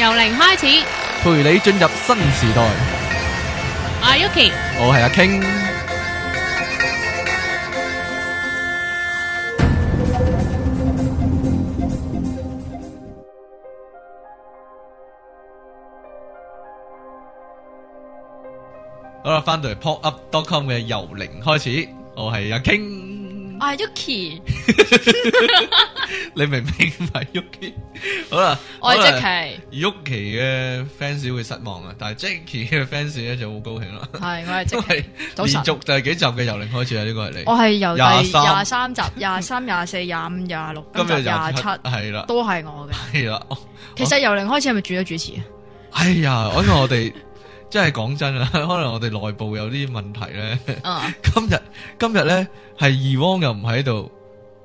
由零開始，陪你進入新時代。我係 Yuki，我係阿 King。好啦，翻到嚟 PopUp.com 嘅由零開始，我係阿 King。我係 Yuki，你明唔明唔係 Yuki， 好啦吧，我係 Jacky，Yuki 嘅 fans 會失望啊，但係 Jacky 嘅 fans 咧就好高興啦。係，我係 Jacky，早晨，連續第幾集嘅由零開始啊？呢個係你，我係由第廿三集、廿三、廿四、廿五了、廿六、今日廿七，係啦，都係我嘅。係啦，其實由零開始係咪主咗主持啊？ 哎呀，因為我哋。 即係講真啊，可能我哋內部有啲問題咧、啊。今日今日咧係 Ewan 又唔喺度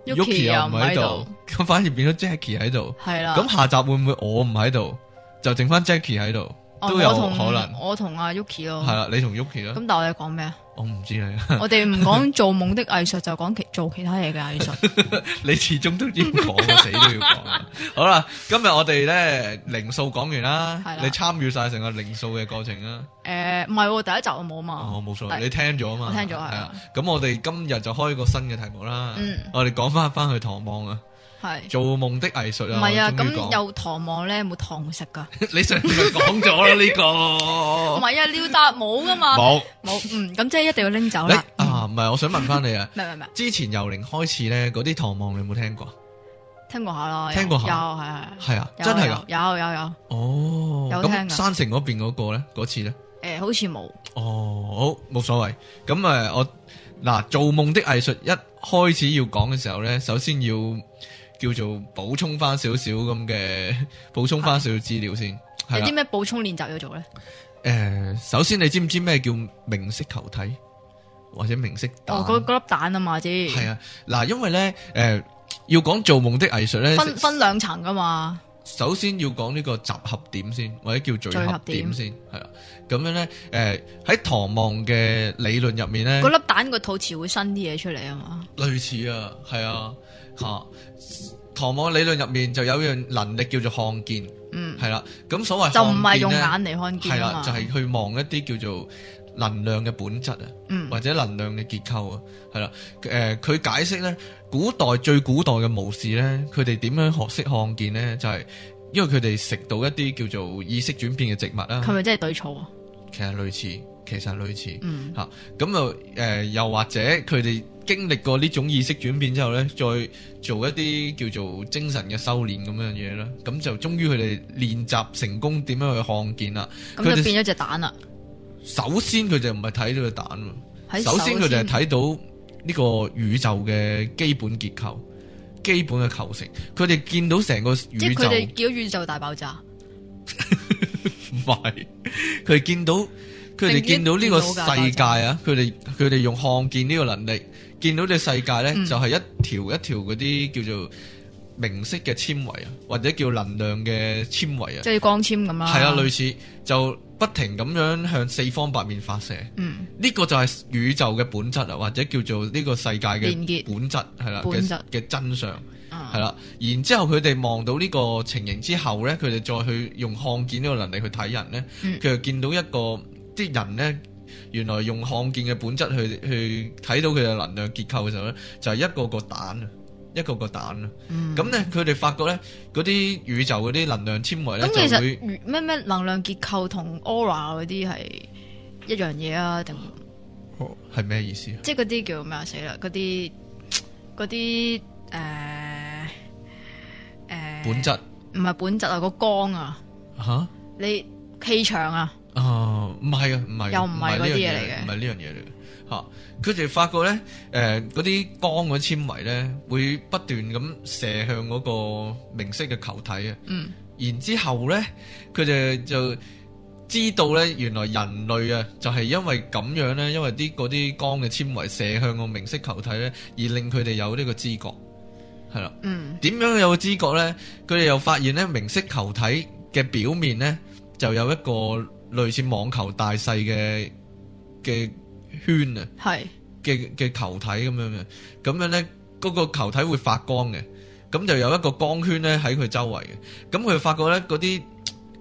，Yuki 又唔喺度，咁反而變咗 Jackie 喺度。係啦，咁下集會唔會我唔喺度，就剩翻 Jackie 喺度、啊、都有可能。我同阿 Yuki 咯，係啦，你同 Yuki 咯。咁但我哋講咩啊？我唔知你， 我哋唔講做夢的藝術，就講其做其他嘢嘅藝術。 你始終都要講，死都要講。 好啦，今日我哋咧零數講完啦，的你參與晒成個零數嘅過程啊。誒、呃，唔係，第一集我冇啊嘛。我冇錯，錯但 你聽咗啊嘛。我聽咗係啊。咁我哋今日就開個新嘅題目啦。嗯。我哋講翻翻去唐望啊。係做夢的藝術啊，唔係啊，咁有唐望咧冇唐食噶，你上次咪講咗啦呢個，唔係啊，溜達冇噶嘛，冇冇，嗯，咁即係一定要拎走啦。你，啊，唔係，我想問翻你啊，之前由零開始咧，嗰啲唐望你有冇聽過？聽過下咯，聽過下，有係係係啊，真係噶，有有有，哦，有聽咁山城嗰邊嗰個咧，嗰次咧，誒，好似冇，哦，好冇所謂，咁誒，我嗱做夢的藝術一開始要講嘅時候咧，首先要。叫做補充翻少少咁嘅補充翻少少資料先。有啲咩補充練習要做咧？誒、呃，首先你知唔知咩叫明色球體或者明色蛋？哦，嗰粒蛋啊嘛，知。係啊，嗱，因為咧，誒、呃，要講做夢的藝術咧，分分兩層噶嘛。首先要講呢個集合點先，或者叫聚合點先，係啊！咁樣咧，誒、呃，喺唐望嘅理論入面咧，嗰粒蛋個肚臍會生啲嘢出嚟啊嘛？ 類似啊，係啊。嚇、啊，唐望理論入面就有樣能力叫做見、嗯、見看見，嗯，係啦。咁所謂就唔係用眼嚟看見啊，就係、是、去望一啲叫做能量嘅本質啊，嗯，或者能量嘅結構啊，係啦。誒、呃，佢解釋咧，古代最古代嘅巫士咧，佢哋點樣學識看見咧，就係、是、因為佢哋食到一啲叫做意識轉變嘅植物啦。係咪即係對錯啊？其實類似。其實類似，吓，咁又誒、又或者佢哋經歷過呢種意識轉變之後咧，再做一啲叫做精神嘅修煉咁樣嘢咧，咁就終於佢哋練習成功點樣去看見啦。咁就、嗯、佢哋變咗隻蛋啦。首先佢就唔係睇到隻蛋，首先佢哋係睇到呢個宇宙嘅基本結構、基本嘅構成。佢哋見到成個宇宙，即係佢哋見到宇宙大爆炸。唔係， 佢見到。佢哋見到呢個世界啊！佢哋佢哋用看見呢個能力，見到嘅世界呢，就係一條一條嗰啲叫做明色嘅纖維啊，或者叫能量嘅纖維啊，即係光纖咁樣。係啊，類似就不停咁樣向四方八面發射。嗯，呢個就係宇宙嘅本質啊，或者叫做呢個世界嘅本質係啦，本質嘅真相係啦。然之後佢哋望到呢個情形之後呢，佢哋再去用看見呢個能力去睇人呢，佢就、嗯、見到一個。啲人咧，原來用看見嘅本質去去睇到佢嘅能量結構嘅時候咧，就係、是、一個個蛋啊，一個個蛋啊。咁咧、嗯，佢哋發覺咧，嗰啲宇宙嗰啲能量纖維咧，其實、嗯、會咩咩能量結構同 aura 嗰啲係一樣嘢啊？定係咩意思？即係嗰啲叫咩？死啦，嗰啲嗰啲誒誒本質唔係本質啊，個光啊吓，啊你氣場啊！哦、啊，唔係啊，唔係不，又唔係呢樣嘢嚟嘅，唔係呢樣嘢嚟嘅。嚇，佢哋發覺咧，誒嗰啲光嗰啲纖維咧，會不斷咁射向嗰個明色嘅球體啊。嗯。然之後咧，佢哋就知道咧，原來人類啊，就係、係、因為咁樣咧，因為啲嗰啲光嘅纖維射向個明色球體咧，而令佢哋有呢個知覺。係啦。嗯。點樣有個知覺咧？佢哋又發現咧，明色球體嘅表面咧，就有一個。類似網球大細嘅嘅圈啊，係嘅嘅球體咁樣嘅，咁樣咧嗰個球體會發光嘅，咁就有一個光圈咧喺佢周圍嘅。咁佢發覺咧嗰啲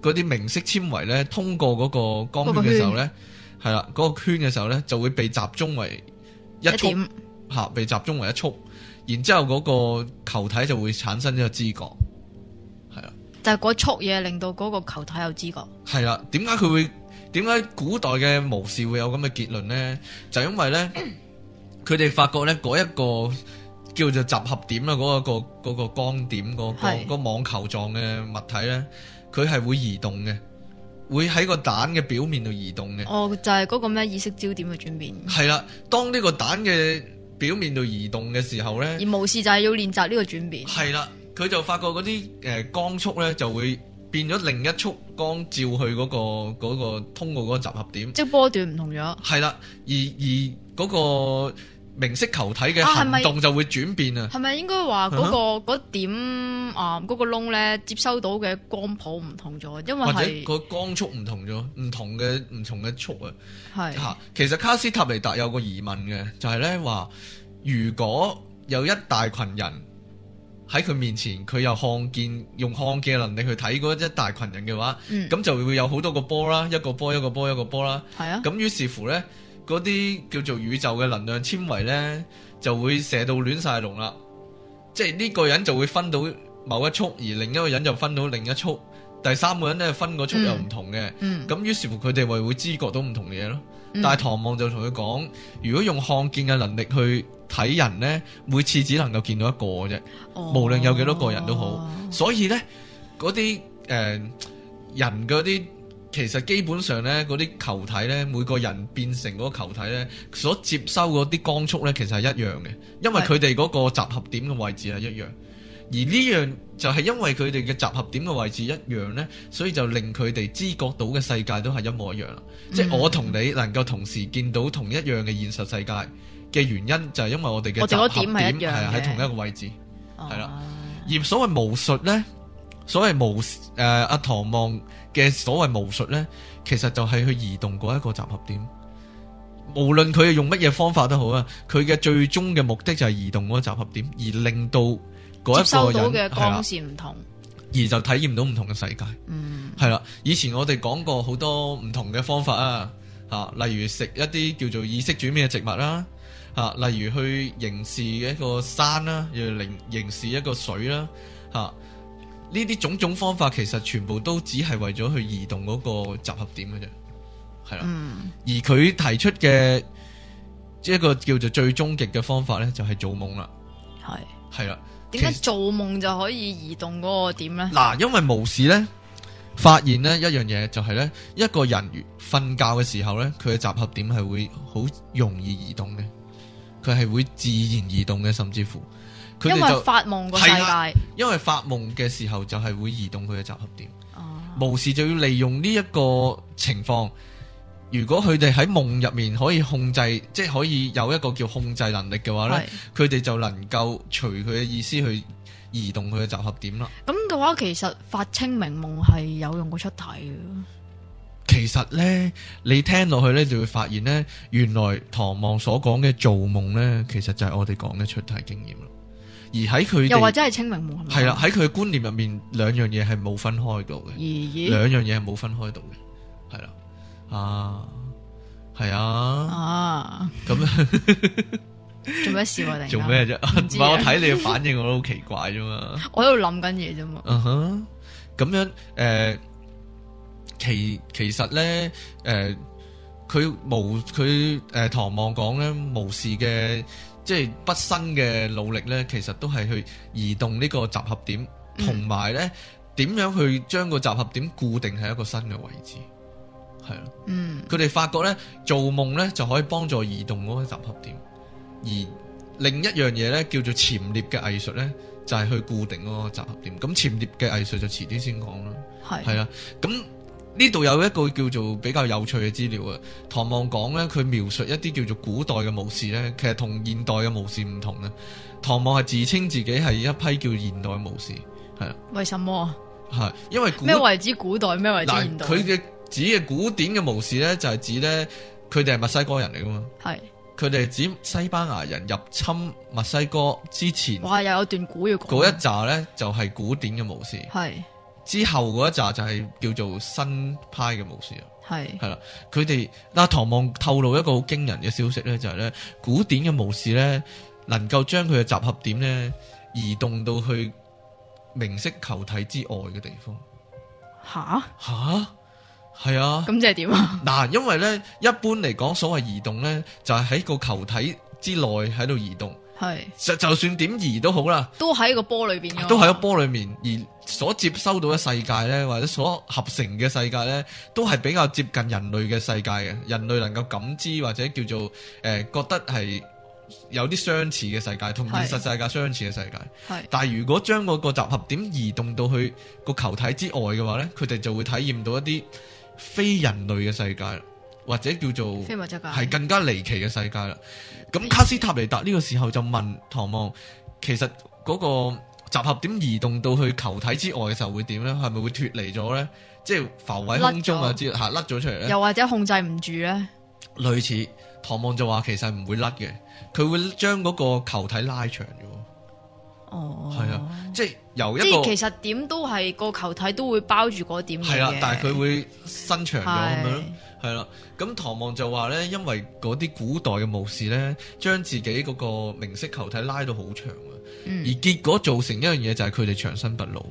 嗰啲明色纖維咧通過嗰個光圈嘅時候咧，係啦，嗰個圈嘅、那個、時候咧就會被集中為一束，嚇點，被集中為一束，然之後嗰個球體就會產生呢個知覺。但係嗰束嘢令到嗰個球體有知覺。係啦，點解佢會？點解古代嘅巫師會有咁嘅結論咧？就係、因為咧，佢哋 發覺咧，嗰一個叫做集合點啦，嗰一個嗰個光點，嗰個嗰的網球狀嘅物體咧，佢係會移動嘅，會喺個蛋嘅表面度移動嘅。哦，就係、是、嗰個咩意識焦點嘅轉變。係啦，當呢個蛋嘅表面度移動嘅時候咧，而巫師就係要練習呢個轉變。係啦。佢就發覺嗰啲誒光速咧，就會變咗另一束光照去嗰、嗰個嗰個通過嗰個集合點，即係波段唔同咗。係啦，而而嗰個明色球體嘅行動就會轉變啊。係咪應該話嗰、嗰個點、uh huh. 啊嗰、嗰個窿咧接收到嘅光譜唔同咗？因為或者個光速唔同咗，唔同嘅唔同嘅速是啊。係嚇，其實卡斯塔尼達有個疑問嘅，就係咧話，如果有一大群人。喺佢面前，佢又看見，用看見嘅能力去睇嗰一大群人嘅話，咁、嗯、就會有好多個波啦，一個波一個波一個波啦。係啊、嗯。咁於是乎呢，嗰啲叫做宇宙嘅能量纖維呢，嗯、就會射到亂晒龍啦。即係呢個人就會分到某一束，而另一個人就分到另一束，第三個人呢，分嗰束又唔同嘅、嗯。嗯。咁於是乎佢哋咪會知覺到唔同嘅嘢咯。但係唐望就同佢講，如果用看見嘅能力去，睇人呢，每次只能夠見到一個啫，Oh. 無論有幾多個人都好。Oh. 所以呢，嗰啲誒人嘅啲其實基本上呢，嗰啲球體呢，每個人變成嗰個球體呢，所接收嗰啲光速呢，其實係一樣嘅，因為佢哋嗰個集合點嘅位置係一樣。而呢樣就係因為佢哋嘅集合點嘅位置一樣呢，所以就令佢哋知覺到嘅世界都係一模一樣啦。Mm hmm. 即係我同你能夠同時見到同一樣嘅現實世界。嘅原因就係因為我哋嘅集合點係啊喺同一個位置，係啦、啊。而所謂巫術咧，所謂巫誒阿唐望嘅所謂巫術咧，其實就係去移動嗰一個集合點。無論佢係用乜嘢方法都好啊，佢嘅最終嘅目的就係移動嗰個集合點，而令到嗰一個人接受到嘅光線唔同，而就體驗到唔同嘅世界。嗯，係啦。以前我哋講過好多唔同嘅方法啊，吓，例如食一啲叫做意識轉變嘅植物啦。吓，例如去凝視嘅一個山啦，又凝凝視一個水啦，吓，呢啲種種方法其實全部都只係為咗去移動嗰個集合點嘅啫，係啦。嗯、而佢提出嘅一個叫做最終極嘅方法咧，就係做夢啦。係係啦，點解做夢就可以移動嗰個點咧？嗱，因為巫師咧，發現咧一樣嘢就係咧，一個人瞓覺嘅時候咧，佢嘅集合點係會好容易移動嘅。佢係會自然移動嘅，甚至乎佢哋就因為發夢個世界，因為發夢嘅時候就係會移動佢嘅集合點。哦，無事就要利用呢一個情況。如果佢哋喺夢入面可以控制，即係可以有一個叫控制能力嘅話咧，佢哋就能夠隨佢嘅意思去移動佢嘅集合點啦。咁嘅話，其實發清明夢係有用過出體嘅。其實咧，你聽落去咧，就會發現咧，原來唐望所講嘅做夢咧，其實就係我哋講嘅出體經驗啦。而喺佢又或者係清明夢係咪？係啦，喺佢嘅觀念入面，兩樣嘢係冇分開到嘅。咦咦，兩樣嘢係冇分開到嘅，係啦啊，係啊啊，咁樣做咩事、啊啊、 我哋？做咩啫？唔係我睇你嘅反應，我都好奇怪啫嘛。 我喺度諗緊嘢啫嘛。嗯哼、uh，咁、huh，樣誒。呃呃其其實咧，誒、呃，佢無佢誒、呃，唐望講咧，巫士嘅，即係畢生嘅努力咧，其實都係去移動呢個集合點，同埋咧，點樣去將個集合點固定喺一個新嘅位置，係咯，嗯，佢哋發覺咧，做夢咧就可以幫助移動嗰個集合點，而另一樣嘢咧叫做潛獵嘅藝術咧，就係、是、去固定嗰個集合點，咁潛獵嘅藝術就遲啲先講啦，係的，係啦，咁、嗯。呢度有一個叫做比較有趣嘅資料啊，唐望講呢，佢描述一啲叫做古代嘅武士呢，其實同現代嘅武士唔同咧。唐望係自稱自己係一批叫現代武士，係啊。為什麼啊？係因為咩為之古代，咩為之現代？佢嘅指嘅古典嘅武士呢，就係指呢，佢哋係墨西哥人嚟㗎嘛。係的。佢哋係指西班牙人入侵墨西哥之前。哇！又有，有段古要講。嗰一紮呢，就係古典嘅武士。係。之後嗰一陣就係叫做新派嘅模式啊，係係啦，佢哋嗱，唐望透露一個好驚人嘅消息咧，就係、是、咧古典嘅模式咧能夠將佢嘅集合點咧移動到去明色球體之外嘅地方。吓哈？吓？係啊！咁即係點啊？嗱，因為咧一般嚟講，所謂移動咧就係、是、喺個球體之內喺度移動。係就是就算點移都好啦，都喺個波裏邊。都喺個波裏面，而所接收到嘅世界咧，或者所合成嘅世界咧，都係比較接近人類嘅世界嘅。人類能夠感知或者叫做誒、呃，覺得係有啲相似嘅世界，同現實世界相似嘅世界。係是，但係如果將嗰個集合點移動到去個球體之外嘅話咧，佢哋就會體驗到一啲非人類嘅世界。或者叫做，係更加離奇嘅世界啦。咁卡斯塔尼達呢個時候就問唐望，其實嗰個集合點移動到去球體之外嘅時候會點咧？係咪會脫離咗咧？即係浮喺空中啊？即係甩咗出嚟咧？又或者控制唔住咧？類似唐望就話，其實唔會甩嘅，佢會將嗰個球體拉長咗。」哦，係啊，即係由一個，其實點都係個球體都會包住嗰點嘅，係啊，但係佢會伸長咗咁樣。係啦，咁唐望就話咧，因為嗰啲古代嘅武士咧，將自己嗰個明式球體拉到好長啊，嗯、而結果造成一樣嘢就係佢哋長生不老，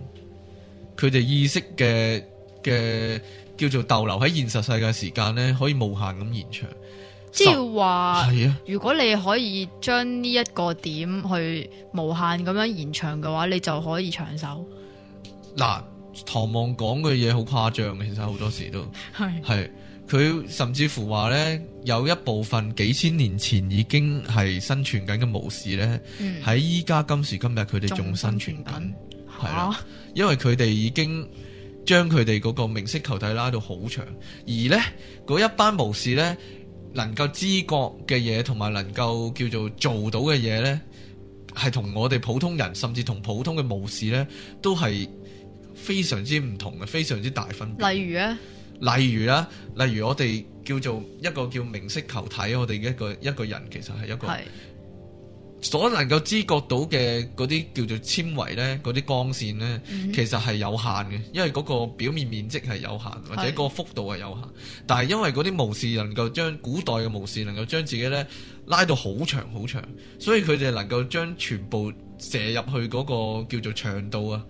佢哋意識嘅嘅叫做逗留喺現實世界時間咧，可以無限咁延長，即係話，受啊、如果你可以將呢一個點去無限咁樣延長嘅話，你就可以長壽。嗱、嗯，唐望講嘅嘢好誇張嘅，其實好多時都係係。 是是佢甚至乎話呢，有一部分幾千年前已經係生存緊嘅巫士呢，喺依家今時今日佢哋仲生存緊，係囉，的啊、因為佢哋已經將佢哋嗰個明式球體拉到好長，而呢，嗰一班巫士呢，能夠知覺嘅嘢，同埋能夠叫做做到嘅嘢呢，係同我哋普通人，甚至同普通嘅巫士呢，都係非常之唔同嘅，非常之大分別。例如呢？例如啦，例如我哋叫做一個叫明晰球體，我哋一個一個人其實係一個。所能夠知覺到嘅嗰啲叫做纖維呢嗰啲光線呢，嗯、哼其實係有限嘅，因為嗰個表面面積係有限，或者個幅度係有限。是但係因為嗰啲模式能夠將古代嘅模式能夠將自己呢拉到好長好長，所以佢哋能夠將全部射入去嗰個叫做長度啊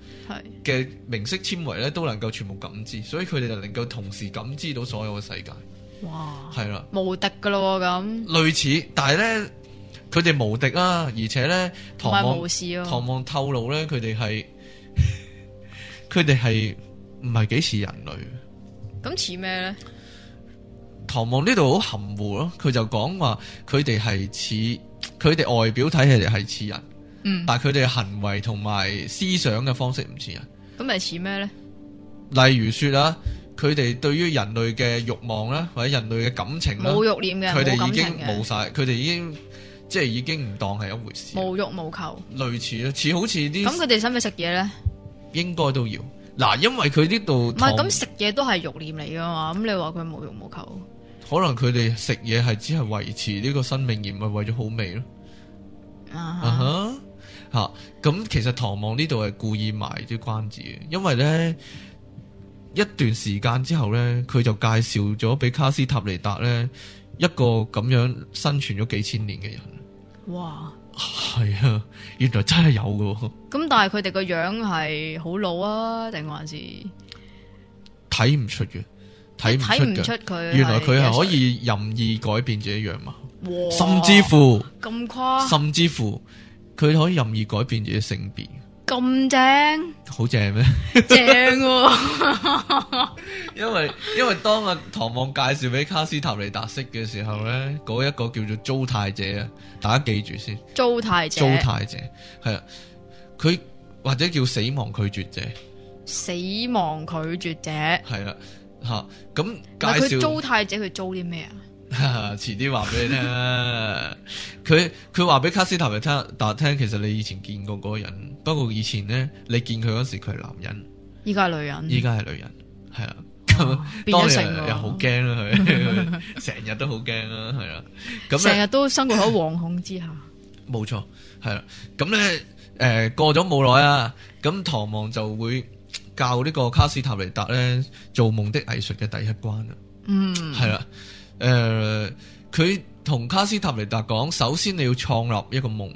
嘅明色纖維呢，都能夠全部感知，所以佢哋就能夠同時感知到所有嘅世界。哇！係啦，無敵噶咯咁。類似，但係呢。佢哋無敵啦、啊，而且咧，唐望、啊、唐望透露咧，佢哋係佢哋係唔係幾似人類？咁似咩咧？唐望呢度好含糊咯、啊，佢就講話佢哋係似，佢哋外表睇起嚟係似人，嗯，但係佢哋行為同埋思想嘅方式唔似人。咁咪似咩咧？例如說啊，佢哋對於人類嘅慾望啦，或者人類嘅感情啦，冇欲念嘅，佢哋已經冇晒，佢哋已經。即係已經唔當係一回事，無欲無求，類似咧，似好似啲。咁佢哋使唔使食嘢咧？應該都要嗱，因為佢呢度唔係咁食嘢都係欲念嚟噶嘛。咁你話佢無欲無求，可能佢哋食嘢係只係維持呢個生命而，而唔係為咗好味咯。啊哈吓，咁其實唐望呢度係故意賣啲關子嘅，因為咧一段時間之後咧，佢就介紹咗俾卡斯塔尼達咧一個咁樣生存咗幾千年嘅人。哇，係啊，原來真係有嘅。咁但係佢哋個樣係好老啊，定還是睇唔出嘅，睇唔出嘅。原來佢係可以任意改變自己樣貌，哇甚至乎咁誇，甚至乎佢可以任意改變自己性別。咁正，好正咩？正 ，因為因為當阿唐望介紹俾卡斯塔尼達識嘅時候咧，嗰一個叫做租太者。啊，大家記住先。租太者，租太者，係啊，佢或者叫死亡拒絕者，死亡拒絕者，係啦，吓咁介紹，但係佢租太者，佢租啲咩啊？哈，哈，遲啲話俾你聽。佢佢話俾卡斯塔尼聽，達聽其實以你以前見過嗰個人。不過以前咧，你見佢嗰時佢係男人。依家係女人。依家係女人，係啊、哦，咁當然又好驚啦，佢成日都好驚啦，係啊，咁成日都生活喺惶恐之下。冇錯， 係啦。咁咧，誒，過咗冇耐啊，咁唐望就會教呢個卡斯塔尼達咧，做夢的藝術嘅第一關啦。嗯，係啦。誒，佢同、呃、卡斯塔尼達講，首先你要創立一個夢，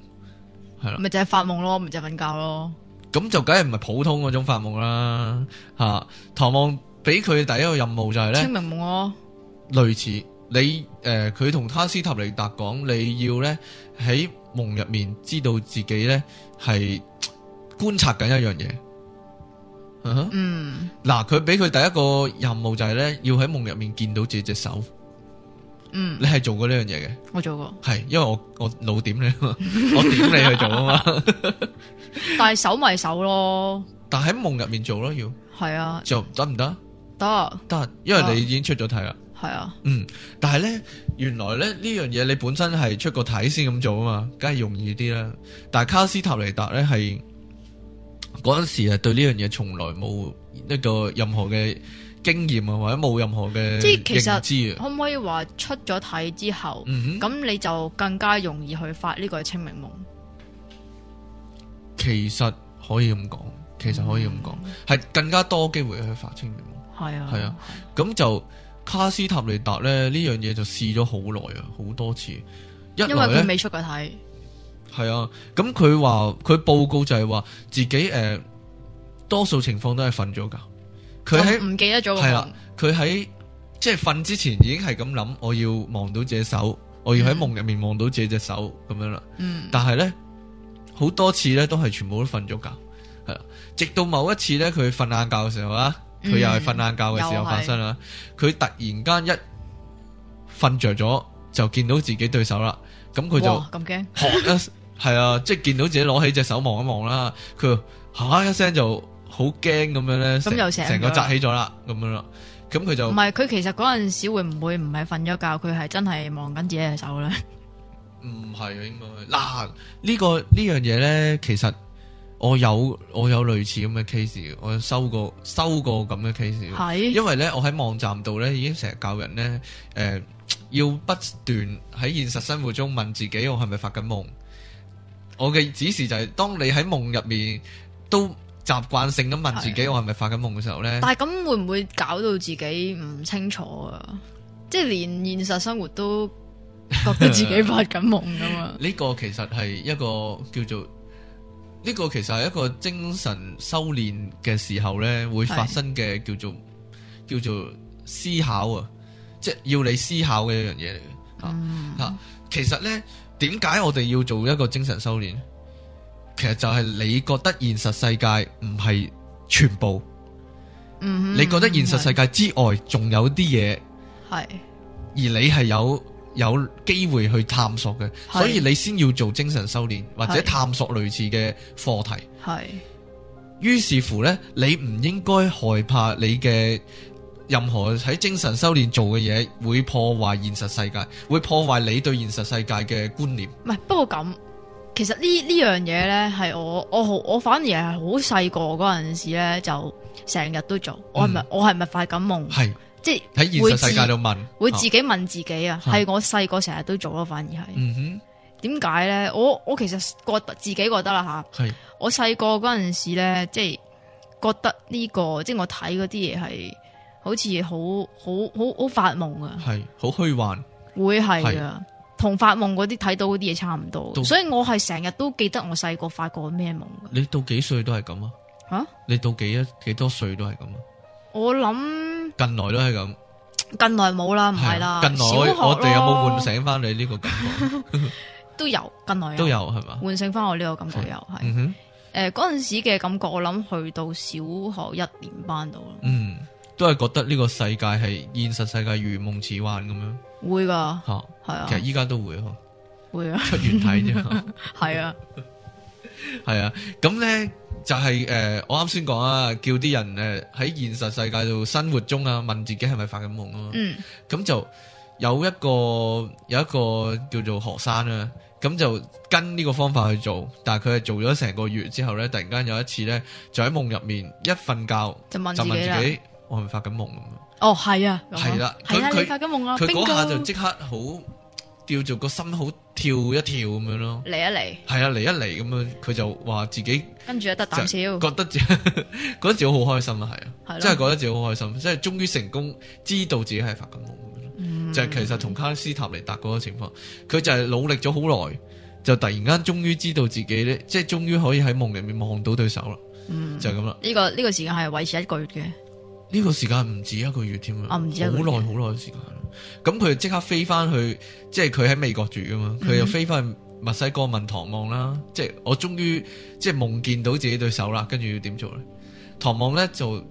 係啦，咪就係發夢咯，咪就瞓覺咯。咁就梗係唔係普通嗰種發夢啦，吓、啊。唐望俾佢第一個任務就係、是、咧，清明夢咯、啊，類似你誒，佢、呃、同卡斯塔尼達講，你要咧喺夢入面知道自己咧係觀察緊一樣嘢，哼、啊，嗯，嗱、呃，佢俾佢第一個任務就係、是、咧，要喺夢入面見到自己隻手。嗯，你係做過呢樣嘢嘅，我做過，係因為我我老點你啊嘛，我點你去做啊嘛，但係手咪手咯，但係喺夢入面做咯要，係啊，做得唔得？得，得，因為你已經出咗體啦，係啊，嗯，但係咧原來咧呢樣嘢你本身係出過體先咁做啊嘛，梗係容易啲啦，但係卡斯塔尼達咧係嗰陣時啊對呢樣嘢從來冇一個任何嘅。經驗啊，或者冇任何嘅，即係其實知可唔可以話出咗體，之後，咁、嗯、哼你就更加容易去發呢個清明夢。其實可以咁講，其實可以咁講，係更加多機會去發清明夢。係、嗯、啊，係啊，咁、啊、就卡斯塔尼達咧，呢樣嘢就試咗好耐啊，好多次。一因為佢未出過體，係啊，咁佢話佢報告就係話自己誒、呃，多數情況都係瞓咗覺。佢喺唔記得咗，係啦。佢喺即係瞓之前已經係咁諗，我要望到隻手，嗯、我要喺夢入面望到只隻手咁樣啦。嗯，但係咧好多次咧都係全部都瞓咗覺，係啦。直到某一次咧，佢瞓晏覺嘅時候啊，佢又係瞓晏覺嘅時候、嗯、發生啦。佢突然間一瞓着咗，就見到自己對手啦。咁佢就咁驚，吓！係啊，即係、 就是、見到自己攞起隻手望一望啦。佢吓一聲就。好驚咁樣咧，咁就成個扎起咗啦，咁樣咯。咁佢就唔係，佢其實嗰陣時會唔會唔係瞓咗覺，佢係真係望緊自己隻手咧？唔係，應該。嗱，呢個呢樣嘢咧，其實我有我有類似咁嘅 case，嘅我收過收過咁嘅 case。係因為咧，我喺網站度咧已經成日教人咧，誒，要不斷喺現實生活中問自己，我係咪發緊夢？我嘅指示就係，當你喺夢入面都。習慣性咁問自己，我係咪發緊夢嘅時候呢？但係咁會唔會搞到自己唔清楚啊？即係連現實生活都覺得自己發緊夢噶嘛？呢個其實係一個叫做呢，呢個其實係一個精神修煉嘅時候呢，會發生嘅叫做是叫做思考啊，即係要你思考嘅一樣嘢嚟嘅，吓吓。嗯、其實呢，點解我哋要做一個精神修煉？其實就係你覺得現實世界唔係全部，嗯、哼你覺得現實世界之外仲有啲嘢係，是而你係有有機會去探索嘅，是所以你先要做精神修煉是或者探索類似嘅課題係。於是，是乎呢，你唔應該害怕你嘅任何喺精神修煉做嘅嘢會破壞現實世界，會破壞你對現實世界嘅觀念。唔係，不過咁。其實呢呢樣嘢咧，係我我好我反而係好細個嗰陣時咧，就成日都做。嗯、我係咪我係咪發緊夢？係是即係喺現實世界度問，會自己問自己啊。係我細個成日都做咯，反而係。嗯哼。點解咧？我我其實覺得自己覺得啦吓。係是。我細個嗰陣時咧，即係覺得呢個即係我睇嗰啲嘢係好似好好好好發夢噶。係好虛幻，會係啊。同發夢嗰啲睇到嗰啲嘢差唔多，所以我係成日都記得我細個發過咩夢。你到幾歲都係咁啊？吓！你到幾多幾多歲都係咁啊？我諗近來都係咁。近來冇啦，唔係啦。近來我哋有冇喚醒翻你呢個感覺？都有近來都有係嘛？喚醒翻我呢個感覺又係。誒，嗰陣時嘅感覺，我諗去到小學一年班度，嗯，都係覺得呢個世界係現實世界如夢似幻咁樣。會噶吓。係啊，其實依家都會嗬，會啊出完體啫嘛，係 啊，係 啊，咁咧就係、是、誒、呃，我啱先講啊，叫啲人誒喺、呃、現實世界度生活中啊，問自己係咪發緊夢咯，嗯，咁就有一個有一個叫做學生啊，咁就跟呢個方法去做，但係佢係做咗成個月之後咧，突然間有一次咧，就喺夢入面一瞓覺就問，就問自己我係咪發緊夢咁哦，係啊，係啦，佢佢發緊夢啦，佢嗰、啊啊、下就即刻好。叫做個心好跳一跳咁樣咯，嚟一嚟，係啊，嚟一嚟咁樣，佢就話自己跟住就得啖笑，覺得自己 覺得自己好開心啊，係啊，的真係覺得自己好開心，即係終於成功，知道自己係發緊夢，就係其實同卡斯塔尼達嗰個情況，佢就係努力咗好耐，就突然間終於知道自己咧，即係終於可以喺夢入面望到對手啦，嗯、就咁啦。呢個呢個時間係維持一個月嘅。呢個時間唔止一個月添啊，好耐好耐嘅時間。咁佢即刻飛翻去，即係佢喺美國住噶嘛，佢又飛翻去墨西哥問唐望啦。即係、嗯、哼我終於即係、就是、夢見到自己對手啦，跟住要點做咧？唐望咧就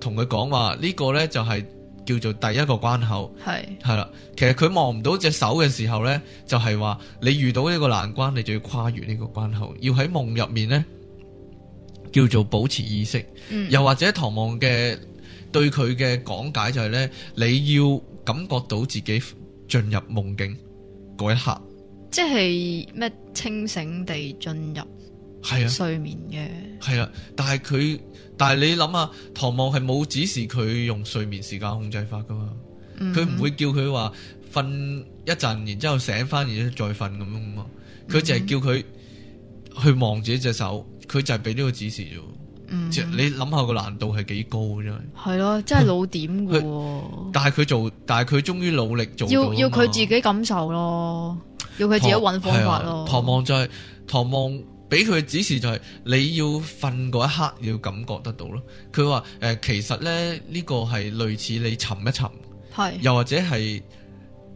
同佢講話，呢個咧就係叫做第一個關口。係係啦，其實佢望唔到隻手嘅時候咧，就係、是、話你遇到呢個難關，你就要跨越呢個關口，要喺夢入面咧叫做保持意識，嗯、又或者唐望嘅。對佢嘅講解就係、是、咧，你要感覺到自己進入夢境嗰一刻，即係咩清醒地進入係啊睡眠嘅係啊，啊，但係佢但係你諗下，唐望係冇指示佢用睡眠時間控制法噶嘛，佢唔會叫佢話瞓一陣，然之後醒翻，然之後再瞓咁樣噶嘛，佢淨係叫佢去望住自己隻手，佢就係俾呢個指示啫。嗯，你諗下個難度係幾高真係，係咯、啊，真係老點嘅。但係佢做，但係佢終於努力做要。要要佢自己感受咯，要佢自己搵方法咯。唐、啊、望就係、是、唐望俾佢指示就係、是，你要瞓嗰一刻要感覺得到咯。佢話誒，其實咧呢、這個係類似你沉一沉，係是又或者係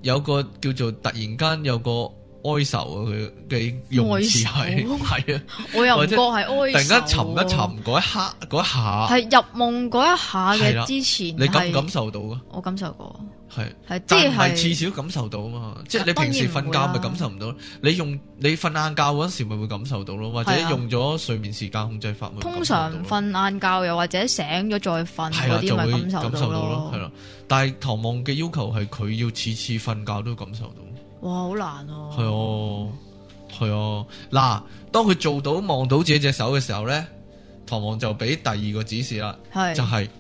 有個叫做突然間有個。哀愁啊，佢嘅用詞係係啊，我又唔覺係哀，突然間沉一沉嗰一刻一下，係入夢嗰一下嘅之前，你感唔感受到嘅？我感受過，係係即係至少感受到啊嘛，即係你平時瞓覺咪感受唔到？你用你瞓晏覺嗰時咪會感受到咯，或者用咗睡眠時間控制法，通常瞓晏覺又或者醒咗再瞓嗰就會感受到咯，係咯。但係唐望嘅要求係佢要次次瞓覺都感受到。哇，好難啊，係哦，係 哦。嗱、啊啊，當佢做到望到自己隻手嘅時候咧，唐望就俾第二個指示啦，是就係、是、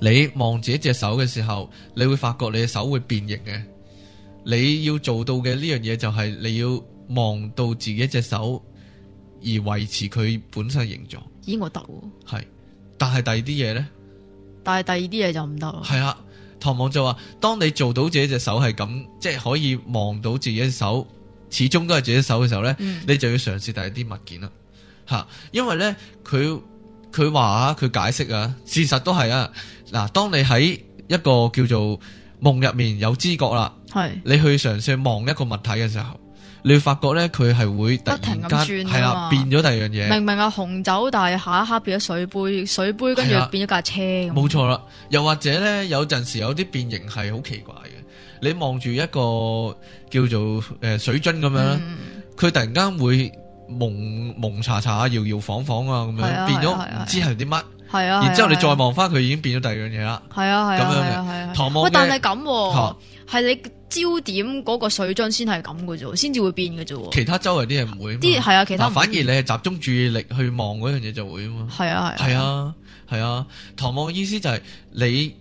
你望自己隻手嘅時候，你會發覺你嘅手會變形嘅。你要做到嘅呢樣嘢就係你要望到自己隻手而維持佢本身形狀。咦，我得喎。係， 但係第二啲嘢咧？但係第二啲嘢就唔得咯。係 嗯、啊。望就話，當你做到自己隻手係咁，即係可以望到自己隻手，始終都係自己隻手嘅時候呢，嗯、你就要嘗試第二啲物件啦，吓，因為呢，佢佢話啊，佢解釋啊，事實都係啊，嗱，當你喺一個叫做夢入面有知覺啦，係是，你去嘗試望一個物體嘅時候。你會發覺咧，佢係會突然間係啊，啊變咗第二樣嘢，明明係紅酒，但係下一刻變咗水杯，水杯跟住變咗架車，冇、啊、錯啦。又或者咧，有陣時有啲變形係好奇怪嘅。你望住一個叫做誒水樽咁樣咧，佢、嗯、突然間會朦朦查查、搖搖晃晃啊咁樣變咗，唔、啊啊啊啊啊、知係啲乜。係啊是，然之後你再望翻佢，已經變咗第二樣嘢啦。係啊，係啊，咁樣嘅。唐望嘅，但係咁，係你焦點嗰個水樽先係咁嘅啫，先至會變嘅啫是。其他周圍啲嘢唔會。啲係啊，其他反而你係集中注意力去望嗰樣嘢就會啊嘛。係、那個、東啊，係啊，係啊，係啊。唐望嘅意思就係你，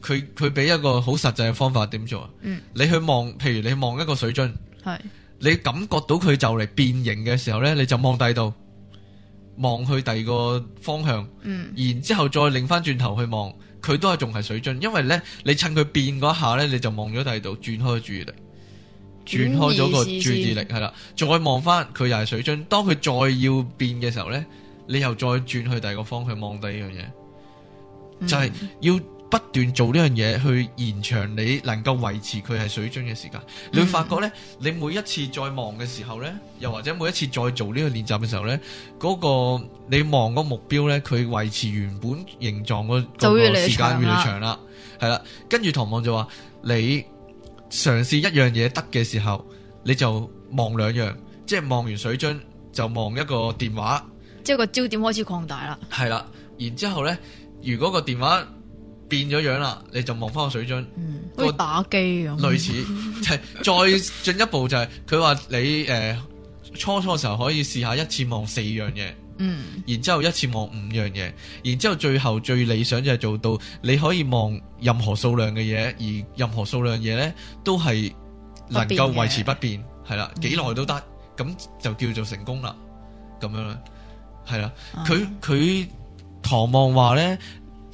佢佢俾一個好實際嘅方法點做啊？嗯、你去望，譬如你望一個水樽，係。是是你感覺到佢就嚟變形嘅時候咧，你就望低度。望去第二個方向，嗯、然之後再擰翻轉頭去望，佢都係仲係水樽，因為呢，你趁佢變嗰一下呢，你就望咗第二度，轉開注意力，轉開咗個注意力、嗯、意力係啦，再望翻佢又係水樽，當佢再要變嘅時候呢，你又再轉去第二個方向望第二樣嘢，嗯、就係要。不斷做呢樣嘢，去延長你能夠維持佢係水樽嘅時間，你會發覺咧，你每一次再望嘅時候咧，又或者每一次再做呢個練習嘅時候咧，嗰個你望個目標咧，佢維持原本形狀個時間越嚟越長啦，係啦。跟住唐望就話，你嘗試一樣嘢得嘅時候，你就望兩樣，即係望完水樽就望一個電話，即係個焦點開始擴大啦。係啦，然之後咧，如果個電話。變咗樣啦，你就望翻個水樽，個、嗯、那打機咁類似，係、就是、再進一步就係佢話你誒、呃，初初時候可以試下一次望四樣嘢，嗯，然之後一次望五樣嘢，然之後最後最理想就係做到你可以望任何數量嘅嘢，而任何數量嘢呢都係能夠維持不變，係啦，幾耐都得，咁、嗯、就叫做成功啦，咁樣啦，係啦，佢佢唐望話呢。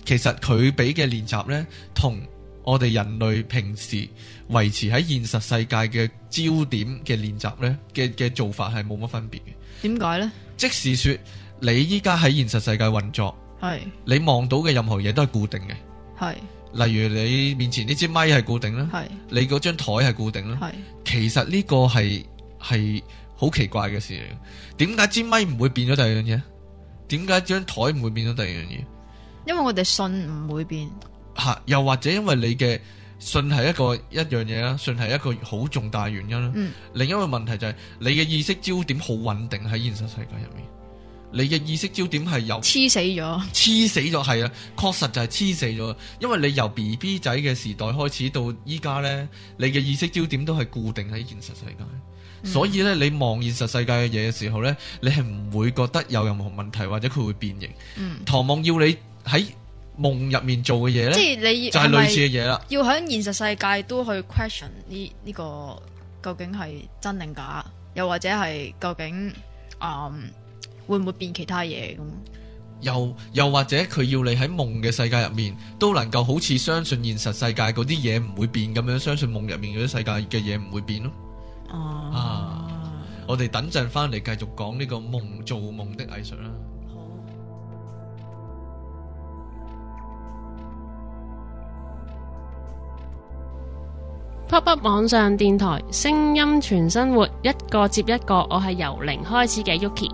其實佢俾嘅練習呢，同我哋人類平時維持喺現實世界嘅焦點嘅練習呢嘅嘅做法係冇乜分別嘅。點解呢？即使說，你依家喺現實世界運作，係是你望到嘅任何嘢都係固定嘅。係是例如你面前呢支咪係固定啦，係是你嗰張台係固定啦。係是其實呢個係係好奇怪嘅事嚟。點解支咪唔會變咗第二樣嘢？點解張台唔會變咗第二樣嘢？因為我哋信唔會變，吓，又或者因為你嘅信係一個、嗯、一樣嘢啦，信係一個好重大原因啦。嗯，另一個問題就係、是、你嘅意識焦點好穩定喺現實世界入面，你嘅意識焦點係由黐死咗，黐死咗，係啊，確實就係黐死咗。因為你由 B B 仔嘅時代開始到依家咧，你嘅意識焦點都係固定喺現實世界，嗯、所以咧你望現實世界嘅嘢嘅時候咧，你係唔會覺得有任何問題或者佢會變形。嗯，唐望要你。喺夢入面做嘅嘢咧，即係你就係類似嘅嘢啦。要喺現實世界都去 question 呢、呢、呢個究竟係真定假？又或者係究竟誒、嗯、會唔會變其他嘢咁？又又或者佢要你喺夢嘅世界入面都能夠好似相信現實世界嗰啲嘢唔會變咁樣，相信夢入面嗰啲世界嘅嘢唔會變咯。哦、uh 啊，我哋等陣翻嚟繼續講呢個夢，做夢的藝術啦。PopUp 網上電台，聲音全生活，一個接一個，我係由零開始嘅 Yuki。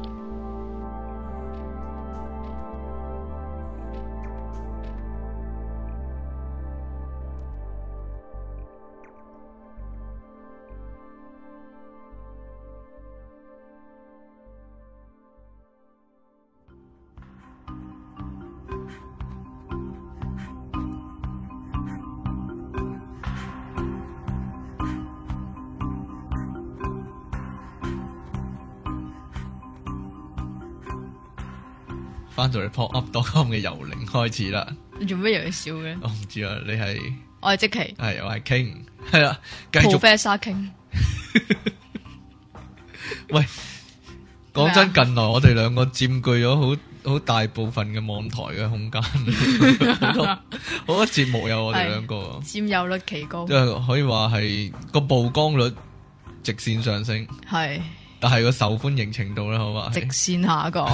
翻到嚟 popup.com 嘅由零開始啦！你做咩又笑嘅？我唔知啊，你係我係積奇，係又係 king，係啦，繼續 f 喂，講真，麼近來我哋兩個佔據咗好好大部分嘅網台嘅空間，好多節目有我哋兩個，佔有率奇高，即係可以話係個曝光率直線上升，係。就係個受歡迎程度啦，好嘛？直綫下降，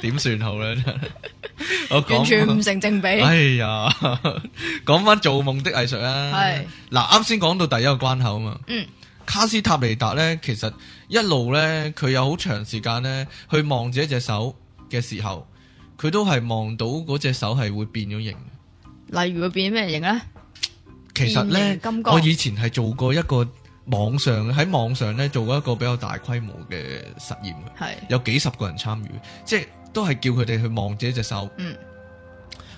點算好咧？完全唔成正比。哎呀，講 翻做夢的藝術啊！係嗱是，啱先講到第一個關口啊嘛。嗯，卡斯塔尼達咧，其實一路咧，佢有好長時間咧，去望住一隻手嘅時候，佢都係望到嗰隻手係會變咗形。例如會變咗咩形咧？其實咧，我以前係做過一個、嗯。網上喺網上咧，做過一個比較大規模嘅實驗，係是的 有幾十個人參與，即係都係叫佢哋去望自己隻手。嗯，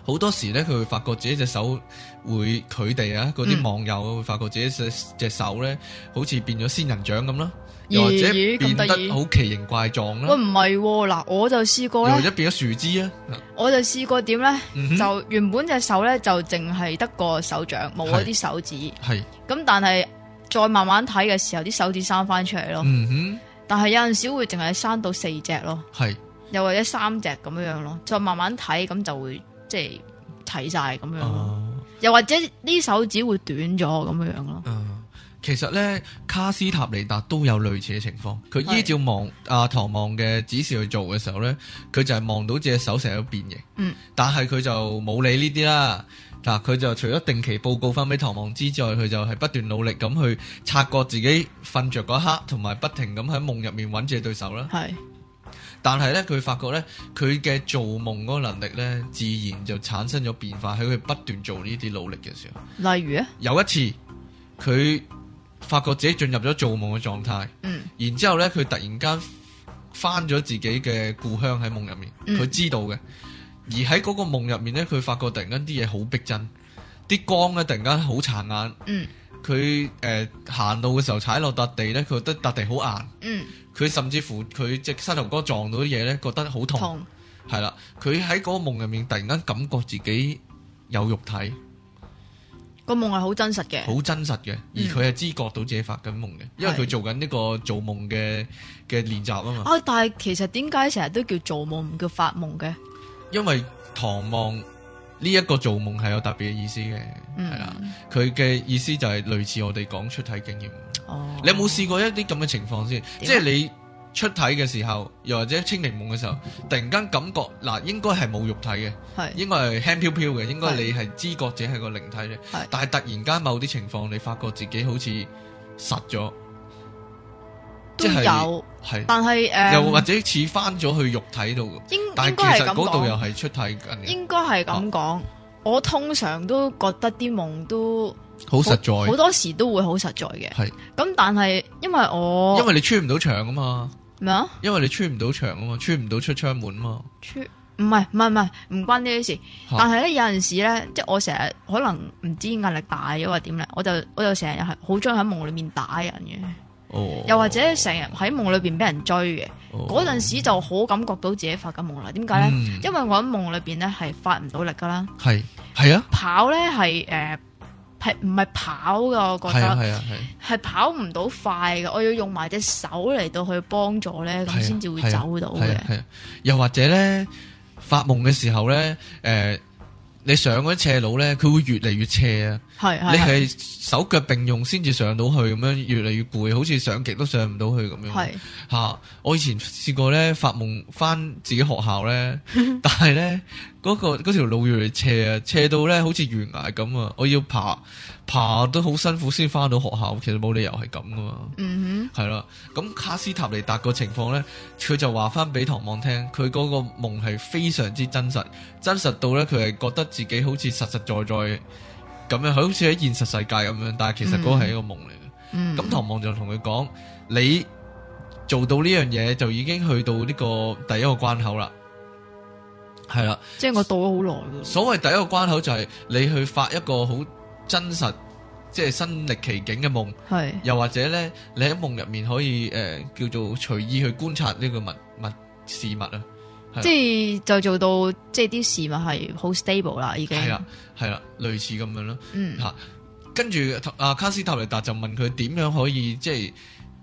好多時咧，佢會發覺自己隻手會佢哋啊，嗰啲網友會發覺自己隻隻手咧，好似變咗仙人掌咁啦，又或者變得好奇形怪狀啦。我唔係嗱，我就試過咧，或者變咗樹枝啊。我就試過點咧，嗯、哼就原本手就隻手咧就淨係得個手掌，冇嗰啲手指。係咁，但係。再慢慢睇嘅時候，啲手指生翻出嚟咯。嗯、哼但係有陣時會淨係生到四隻咯，是又或者三隻咁樣樣咯。再慢慢睇，咁就會即係睇晒咁樣咯。哦、又或者呢手指會短咗咁樣樣咯、嗯。其實咧，卡斯塔尼達都有類似嘅情況。佢依照望阿、啊、唐望嘅指示去做嘅時候咧，佢就係望到隻手成日都變形。嗯、但係佢就冇理呢啲啦。嗱，佢就除咗定期報告翻俾唐望之，之外，佢就係不斷努力咁去察覺自己瞓着嗰刻，同埋不停咁喺夢入面揾自己對手啦。是但係呢，佢發覺呢，佢嘅做夢嗰個能力呢，自然就產生咗變化喺佢不斷做呢啲努力嘅時候。例如咧，有一次佢發覺自己進入咗做夢嘅狀態，嗯，然之後呢，佢突然間翻咗自己嘅故鄉喺夢入面，佢知道嘅。嗯而喺嗰個夢入面咧，佢發覺突然間啲嘢好逼真，啲光咧突然間好殘眼。嗯，佢誒行路嘅時候踩落笪地咧，佢覺得笪地好硬。嗯，佢甚至乎佢隻膝頭哥撞到啲嘢咧，覺得好痛。痛係啦，佢喺嗰個夢入面突然間感覺自己有肉體，個夢係好真實嘅，好真實嘅。而佢係知覺到自己發緊夢嘅，嗯、因為佢做緊呢個做夢嘅嘅練習啊嘛。啊，但係其實點解成日都叫做夢唔叫發夢嘅？因為唐望呢一個做夢係有特別嘅意思嘅，係啦、嗯，佢嘅意思就係類似我哋講出體經驗。哦，你有冇試過一啲咁嘅情況先？樣即係你出體嘅時候，又或者清明夢嘅時候，突然間感覺嗱， 應該係冇肉體嘅，係是應該係輕飄飄嘅，應該你係知覺者係個靈體嘅，係是，但係突然間某啲情況，你發覺自己好似實咗。有係，但係誒，又或者似翻咗去肉體度，但係其實嗰度又係出體。應該係咁講，我通常都覺得啲夢都好實在，好多時都會好實在嘅。係咁，但係因為我因為你穿唔到牆啊嘛，咩啊？因為你穿唔到牆啊嘛，穿唔到出窗門嘛，穿唔係唔係唔係唔關呢啲事。但係咧有陣時咧，即係我成日可能唔知壓力大，又或點咧，我就我就成日係好中意喺夢裏面打人嘅。又或者成日喺夢裏邊俾人追嘅，嗰陣、oh. 時就好感覺到自己發緊夢啦。點解咧？嗯、因為我喺夢裏邊咧係發唔到力噶啦。係係啊，跑咧係誒係唔係跑噶？我覺得係啊係，係、啊、跑唔到快噶。我要用埋隻手嚟到去幫助咧，咁先至會走到嘅。係、啊啊啊啊、又或者咧發夢嘅時候咧，誒、呃、你上嗰啲斜路咧，佢會越嚟越斜啊。你係手腳並用先至上到去咁樣，越嚟越攰，好似上極都上唔到去咁樣。係吓，我以前試過呢，發夢翻自己學校呢， 但係呢，嗰、那個條路越嚟斜啊，斜到呢好似懸崖咁啊！我要爬爬都好辛苦先翻到學校，其實冇理由係咁噶嘛。嗯哼，係啦。咁卡斯塔尼達個情況呢，佢就話翻俾唐望聽，佢嗰個夢係非常之真實，真實到呢，佢係覺得自己好似實實在在,在。咁樣佢好似喺現實世界咁樣，但係其實嗰個係一個夢嚟嘅。咁唐望就同佢講：嗯、你做到呢樣嘢就已經去到呢個第一個關口啦。係啦。即係我到咗好耐。所謂第一個關口就係你去發一個好真實，即係身歷其境嘅夢。係的。又或者咧，你喺夢入面可以誒、呃、叫做隨意去觀察呢個物物事物啊。即係就做到，即係啲事物係好 stable 啦，已經係啦，係啦，類似咁樣咯。嗯，吓，跟住阿卡斯塔尼達就問佢點樣可以即係誒、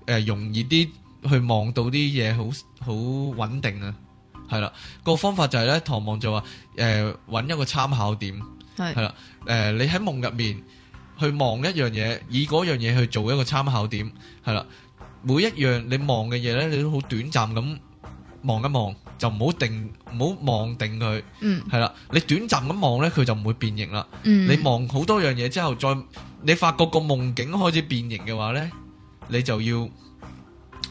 呃、容易啲去望到啲嘢好好穩定啊？係啦，個方法就係、是、咧，唐望就話誒揾一個參考點係啦，誒的、呃、你喺夢入面去望一樣嘢，以樣嘢去做一個參考點係啦。每一樣你望嘅嘢咧，你都好短暫咁望一望。就唔好定唔好望定佢，係啦、嗯。你短暫咁望呢，佢就唔會變形啦。嗯、你望好多樣嘢之後，再你發覺個夢境開始變形嘅話呢，你就要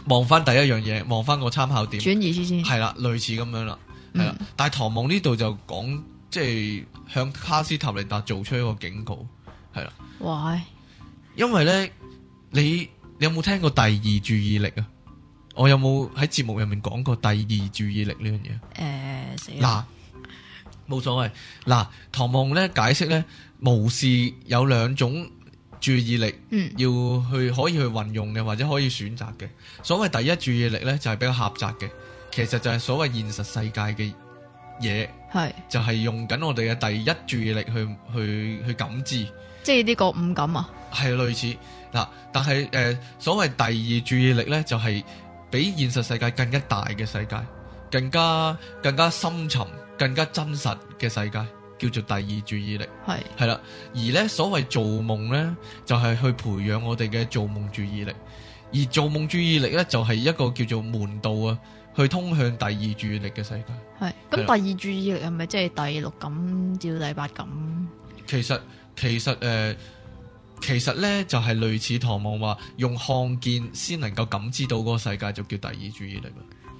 望翻第一樣嘢，望翻個參考點。轉移先先係啦，類似咁樣啦，係啦。嗯、但係唐望呢度就講，即係向卡斯塔尼達做出一個警告，係啦。哇！因為呢，你你有冇聽過第二注意力啊？我有冇喺節目入面講過第二注意力呢樣嘢？誒、欸，嗱，冇喏所謂。嗱，唐望咧解釋咧，無視有兩種注意力，嗯，要去可以去運用嘅，或者可以選擇嘅。所謂第一注意力咧，就係、是、比較狹窄嘅，其實就係所謂現實世界嘅嘢，係是就係用緊我哋嘅第一注意力去去去感知，即係呢個五感啊，係類似嗱。但係誒、呃，所謂第二注意力咧，就係、是。比現實世界更加大嘅世界，更加更加深沉、更加真實嘅世界，叫做第二注意力。係係啦，而呢所謂做夢呢，就係、是、去培養我哋嘅做夢注意力，而做夢注意力呢，就係、是、一個叫做門道啊，去通向第二注意力嘅世界。係是，咁的第二注意力係咪即係第六感到第八感？其實其實誒。呃其實咧就係、是、類似唐望話，用看見先能夠感知到嗰個世界，就叫第二注意力啦。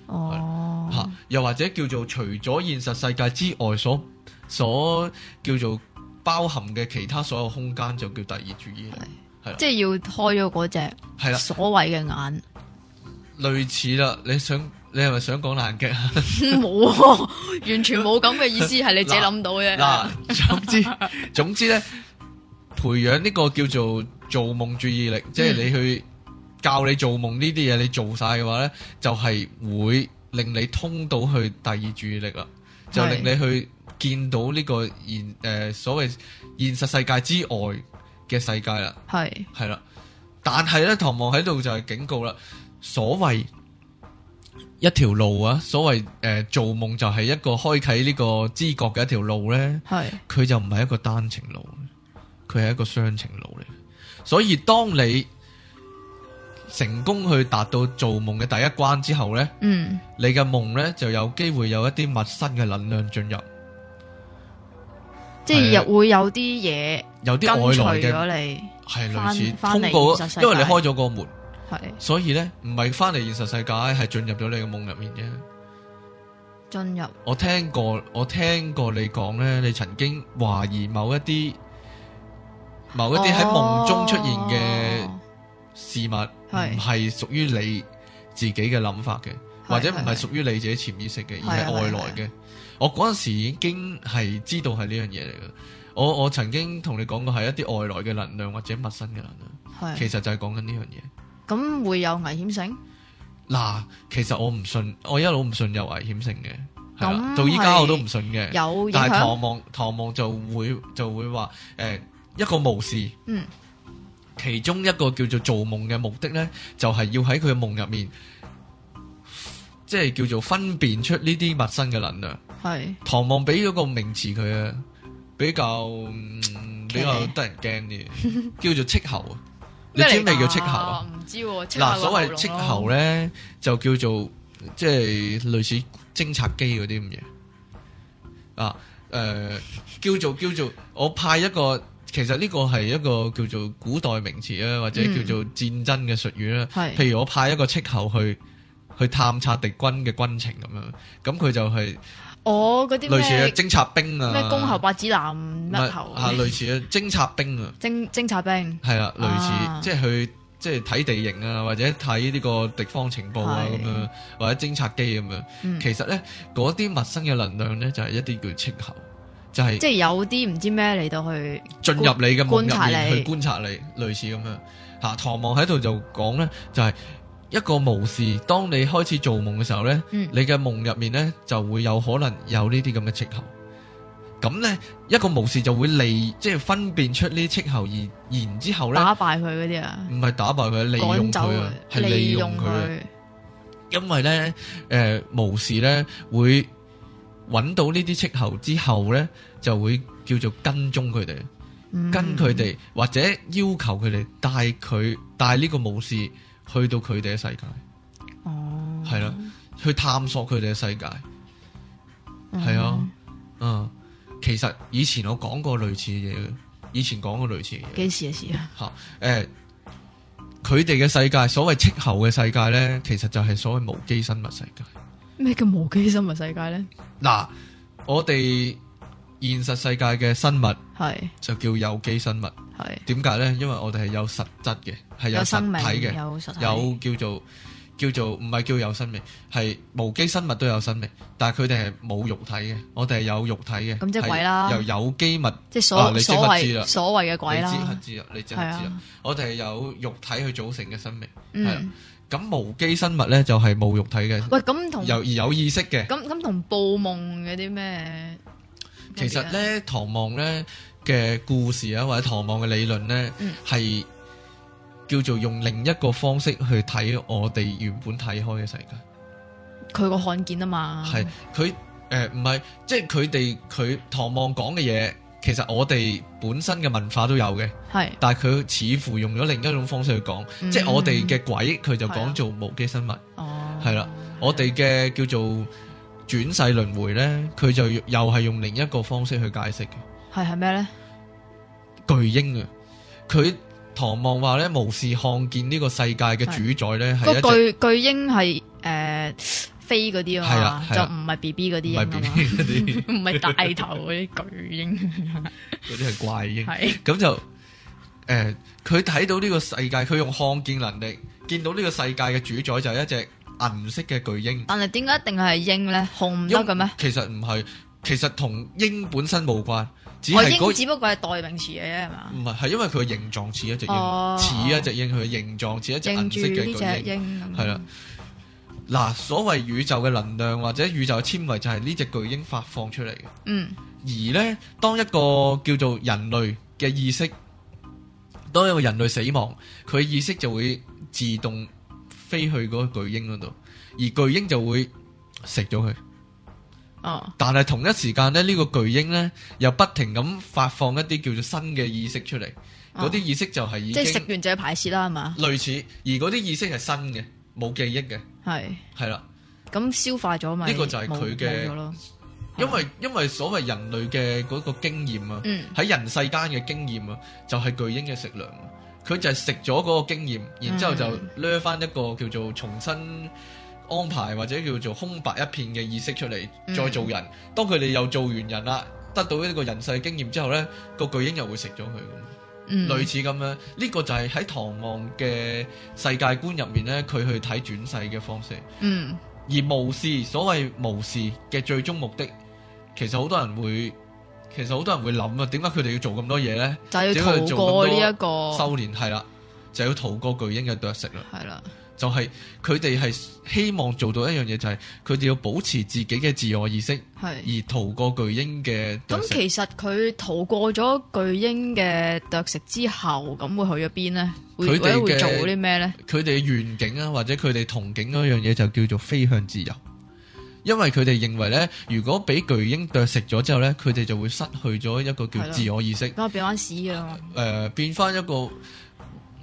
哦，吓，又或者叫做除咗現實世界之外所所叫做包含嘅其他所有空間，就叫第二注意力。係是、啊、即係要開咗嗰隻係啦，所謂嘅眼。類似啦，你想你係咪想講爛嘅啊？冇，完全冇咁嘅意思，係 你自己諗到嘅。嗱，總之總之咧。 培養呢個叫做做夢注意力，嗯、即係你去教你做夢呢啲嘢，你做晒嘅話咧，就係、是、會令你通到去第二注意力啦，是 就令你去見到呢個現誒、呃、所謂現實世界之外嘅世界啦。係係啦，但係咧，唐望喺度就係警告啦，所謂一條路啊，所謂誒、呃、做夢就係一個開啟呢個知覺嘅一條路咧，係佢是 就唔係一個單程路。佢係一個雙程路嚟，所以當你成功去達到做夢嘅第一關之後呢，嗯，你嘅夢呢就有機會有一啲陌生嘅能量進入，即係又會有啲嘢，有啲外來嘅，係類似通過，因為你開咗個門，係是，所以呢唔係翻嚟現實世界，係進入咗你嘅夢入面啫，進入。我聽過，我聽過你講呢，你曾經懷疑某一啲。某一啲喺夢中出現嘅事物，哦，唔係屬於你自己嘅諗法嘅，或者唔係屬於你自己潛意識嘅，而係外來嘅。我嗰陣時已經係知道係呢樣嘢嚟嘅。我我曾經同你講過係一啲外來嘅能量或者陌生嘅能量，是其實就係講緊呢樣嘢。咁會有危險性？嗱，其實我唔信，我一路唔信有危險性嘅。係啦，到依家我都唔信嘅。有，但係唐望，唐望就會就會話誒。欸一個巫師，嗯、其中一個叫做做夢嘅目的咧，就係、是、要喺佢嘅夢入面，即、就、係、是、叫做分辨出呢啲陌生嘅能量。係是唐望俾咗個名詞佢啊，比較、嗯、你比較得人驚啲，叫做斥候。 你知咩叫斥候啊？唔知嗱、啊啊，所謂斥候咧，就叫做即係類似偵察機嗰啲咁嘢啊。誒、呃，叫做叫做，我派一個。其實呢個係一個叫做古代名詞啊，或者叫做戰爭嘅術語啦。嗯、譬如我派一個斥候去去探察敵軍嘅軍情咁樣，咁佢就係哦嗰啲類似嘅偵察兵啊，咩、哦、公侯百子男啊，類似嘅偵察兵啊，偵偵察兵係啦，類似、啊啊、即係去即係睇地形啊，或者睇呢個敵方情報啊咁是、啊、樣，或者偵察機咁樣。其實咧嗰啲陌生嘅能量咧，就係一啲叫斥候。就係即係有啲唔知咩嚟到去進入你嘅夢入面觀察，去觀察你，類似咁樣吓。唐望喺度就講咧，就係、是、一個巫師，當你開始做夢嘅時候咧，嗯、你嘅夢入面咧就會有可能有呢啲咁嘅斥候。咁咧一個巫師就會利即係分辨出呢啲斥候，而然之後咧打敗佢嗰啲啊，唔係打敗佢，利用佢，係、啊、利用佢。用因為咧，誒、呃，巫師咧會。揾到呢啲斥候之後咧，就會叫做跟蹤佢哋，嗯、跟佢哋或者要求佢哋帶佢帶呢個武士去到佢哋嘅世界，哦，係啦、啊，去探索佢哋嘅世界，係、嗯、啊，嗯，其實以前我講過類似嘢，以前講過類似嘢，幾時嘅事？啊，吓、啊，誒、欸，佢哋嘅世界，所謂斥候嘅世界咧，其實就係所謂無機生物世界。咩叫無機生物世界咧？嗱，我哋現實世界嘅生物係就叫有機生物，係，點解咧？因為我哋係有實質嘅，係有實體嘅，有，有，體有叫做叫做唔係叫有生命，係無機生物都有生命，但係佢哋係冇肉體嘅，我哋係有肉體嘅，咁即係鬼啦，由有機物即係所、啊、你知所謂所謂嘅鬼啦，你知唔知啊？你知唔知啊？我哋係有肉體去組成嘅生命，係、嗯。咁無機生物咧就係無肉體嘅，喂，有有意識嘅。咁咁同報夢嘅啲咩？其實咧，唐望咧嘅故事啊，或者唐望嘅理論咧，係、嗯、叫做用另一個方式去睇我哋原本睇開嘅世界。佢個看見啊嘛，係佢誒唔係，即係佢哋佢唐望講嘅嘢。其實我哋本身嘅文化都有嘅，係是，但係佢似乎用咗另一種方式去講，嗯、即係我哋嘅鬼，佢就講做無機生物，係啦，我哋嘅叫做轉世輪迴咧，佢就又係用另一個方式去解釋嘅，係係咩咧？呢巨鷹啊，佢唐望話咧無視看見呢個世界嘅主宰咧係的一隻巨巨鷹係。飛嗰啲啊嘛，就唔係 B B 嗰啲唔係大頭嗰啲巨鷹，嗰啲係怪鷹。咁是就誒，佢、呃、睇到呢個世界，佢用看見能力見到呢個世界嘅主宰就係一隻銀色嘅巨鷹。但係點解一定係鷹咧？紅唔得嘅咩？其實唔係，其實同鷹本身冇關，只、那個哦、只不過係代名詞嘅啫，係嘛？唔係，係因為佢嘅形狀似一隻鷹，似、哦、一隻鷹佢嘅形狀似一隻銀色嘅巨鷹。係啦。嗱，所謂宇宙嘅能量或者宇宙嘅纖維就係呢隻巨鷹發放出嚟嘅。嗯。而呢，當一個叫做人類嘅意識，當一個人類死亡，佢意識就會自動飛去嗰個巨鷹嗰度，而巨鷹就會食咗佢。哦。但係同一時間呢，呢個巨鷹呢又不停咁發放一啲叫做新嘅意識出嚟，嗰啲、哦、意識就係已經。即係食完就要排泄啦，係嘛？類似，而嗰啲意識係新嘅。冇記憶嘅，係係啦，咁的消化咗嘛？呢個就係佢嘅，因為因為所謂人類嘅嗰個經驗啊，喺、嗯、人世間嘅經驗啊，就係巨鷹嘅食糧，佢就係食咗嗰個經驗，然之後就掠翻一個叫做重新安排或者叫做空白一片嘅意識出嚟，再做人。嗯、當佢哋又做完人啦，得到呢個人世經驗之後呢，個巨鷹又會食咗佢。嗯，類似咁樣呢、這個就係喺唐望嘅世界觀入面咧，佢去睇轉世嘅方式。嗯，而無視所謂無視嘅最終目的，其實好多人會其實好多人會諗啊，點解佢哋要做咁多嘢咧？就係要,要逃過呢一個修煉係啦。就要逃過巨鷹嘅掠食啦，係啦的，就係佢哋係希望做到一樣嘢，就係佢哋要保持自己嘅自我意識，的而逃過巨鷹嘅。咁、嗯、其實佢逃過咗巨鷹嘅掠食之後，咁會去咗邊呢？佢哋會做啲咩呢？佢哋嘅願景啊，或者佢哋憧憬嗰樣嘢就叫做飛向自由，因為佢哋認為呢，如果俾巨鷹掠食咗之後呢，佢哋就會失去咗一個叫自我意識，我變翻屎啊！誒、呃，變翻一個。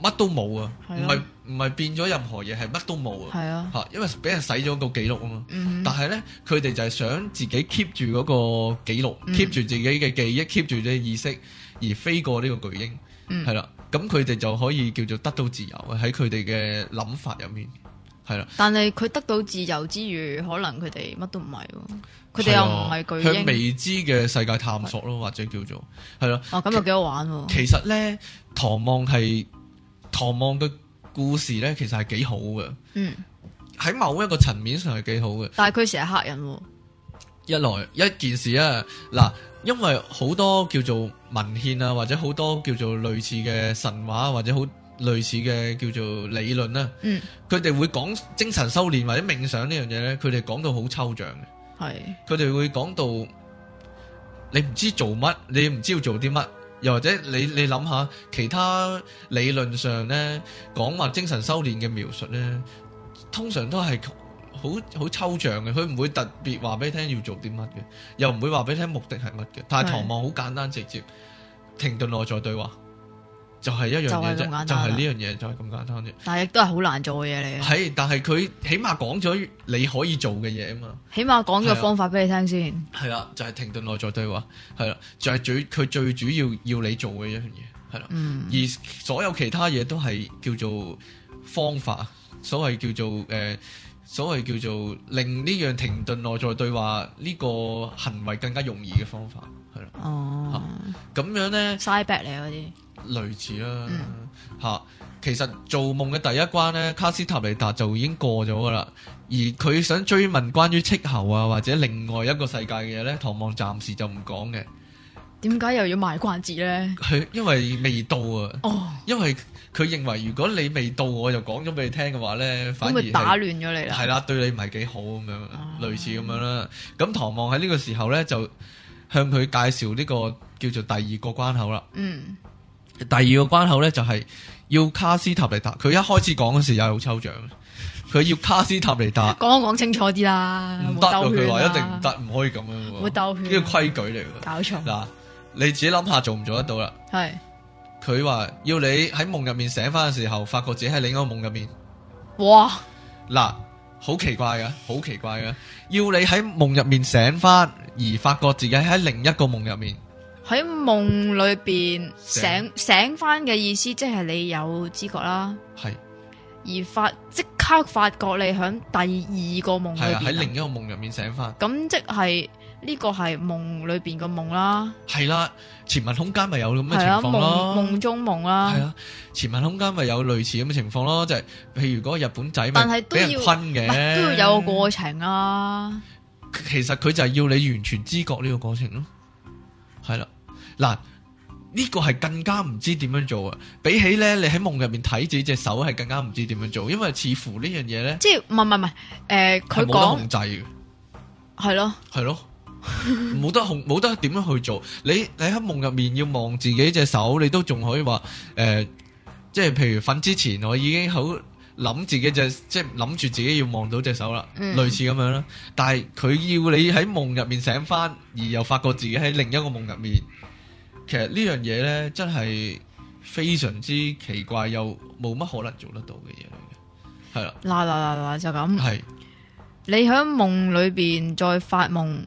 乜都冇啊，唔係唔係變咗任何嘢，係乜都冇啊，吓，因為俾人洗咗個記錄啊嘛。嗯、但係咧，佢哋就係想自己 keep 住嗰個記錄，keep 住自己嘅記憶，keep 住嘅意識，而飛過呢個巨鷹，係啦、嗯。咁佢哋就可以叫做得到自由喺佢哋嘅諗法入面，係啦、啊。但係佢得到自由之餘，可能佢哋乜都唔係，佢哋又唔係巨鷹、向、未知嘅世界探索咯，是或者叫做係咯。啊、哦，咁又幾好玩。其實咧，唐望係。唐望嘅故事咧，其實係幾好嘅。嗯，喺某一個層面上係幾好嘅。但係佢成日嚇人哦。一來一件事啊，嗱，因為好多叫做文獻啊，或者好多叫做類似嘅神話，或者好類似嘅叫做理論咧啊。嗯，佢哋會講精神修煉或者冥想呢樣嘢咧，佢哋講到好抽象嘅。係，佢哋會講到你唔知做乜，你唔知要做啲乜。又或者你你諗下其他理論上咧，講話精神修煉嘅描述咧，通常都係好好抽象嘅，佢唔會特別話俾你聽要做啲乜嘅，又唔會話俾你聽目的係乜嘅。但係唐望好簡單直接，停頓內在對話。就係一樣嘢啫，就係呢樣嘢就係咁簡單啫。但係亦都係好難做嘅嘢嚟。係，但係佢起碼講咗你可以做嘅嘢啊嘛。起碼講咗方法俾、啊、你聽先。係啦、啊，就係、是、停頓內在對話，係啦、啊，就係、是、最佢最主要要你做嘅一樣嘢，係啦、啊。嗯、而所有其他嘢都係叫做方法，所謂叫做誒、呃，所謂叫做令呢樣停頓內在對話呢、這個行為更加容易嘅方法，係啦、啊。哦、嗯。咁、啊、樣咧。Side back 你嗰啲。類似啦，吓、嗯，其實做夢嘅第一關呢，卡斯塔尼達就已經過咗噶啦。而佢想追問關於戚猴啊或者另外一個世界嘅嘢呢，唐望暫時就唔講嘅。點解又要賣關子呢？佢因為未到啊。哦。因為佢認為如果你未到，我就講咗俾你聽嘅話呢，反而會會打亂咗你啦。係啦，對你唔係幾好咁樣，類似咁樣啦。咁、啊、唐望喺呢個時候呢，就向佢介紹呢、呢個叫做第二個關口啦。嗯。第二個關口咧，就係、是、要卡斯塔尼達，佢一開始講嘅時又係好抽象，佢要卡斯塔尼達，講 一講清楚啲啦。唔得、啊，佢話一定唔得，唔可以咁樣，冇兜圈，呢個規矩嚟嘅。搞錯嗱，你自己諗下做唔做得到啦？係佢話要你喺夢入面醒翻嘅時候，發覺自己喺另一個夢入面。哇！嗱，好奇怪嘅，好奇怪嘅，要你喺夢入面醒翻，而發覺自己喺另一個夢入面。喺夢裏邊醒醒翻了嘅意思，即係你有知覺啦。係是而發即刻發覺你喺第二個夢。係啊，喺另一個夢入面醒翻。咁即係呢個係夢裏邊個夢啦。係啦、啊，前文空間咪有咁嘅情況咯。夢中夢啦。係啊，潛、啊、文空間咪有類似咁嘅情況咯，即、就、係、是、譬如如果日本仔，但係都要困嘅，都要有個過程啊。其實佢就係要你完全知覺呢個過程咯。係啦、啊。嗱，呢個係更加唔知點樣做啊！比起咧，你喺夢入面睇自己隻手，係更加唔知點樣做，因為似乎呢樣嘢咧，即係唔係唔係誒，佢冇得控制嘅，係說咯，係咯，冇得控冇得點樣去做。你你喺夢入面要望自己隻手，你都仲可以話誒、呃，即係譬如瞓之前，我已經好諗自己隻即係諗住自己要望到隻手啦，嗯、類似咁樣啦。但係佢要你喺夢入面醒翻，而又發覺自己喺另一個夢入面。其實呢樣嘢咧，真係非常之奇怪又冇乜可能做得到嘅嘢嚟嘅，係啦，啦，啦，嗱嗱嗱嗱就咁。係。你喺夢裏邊再發夢，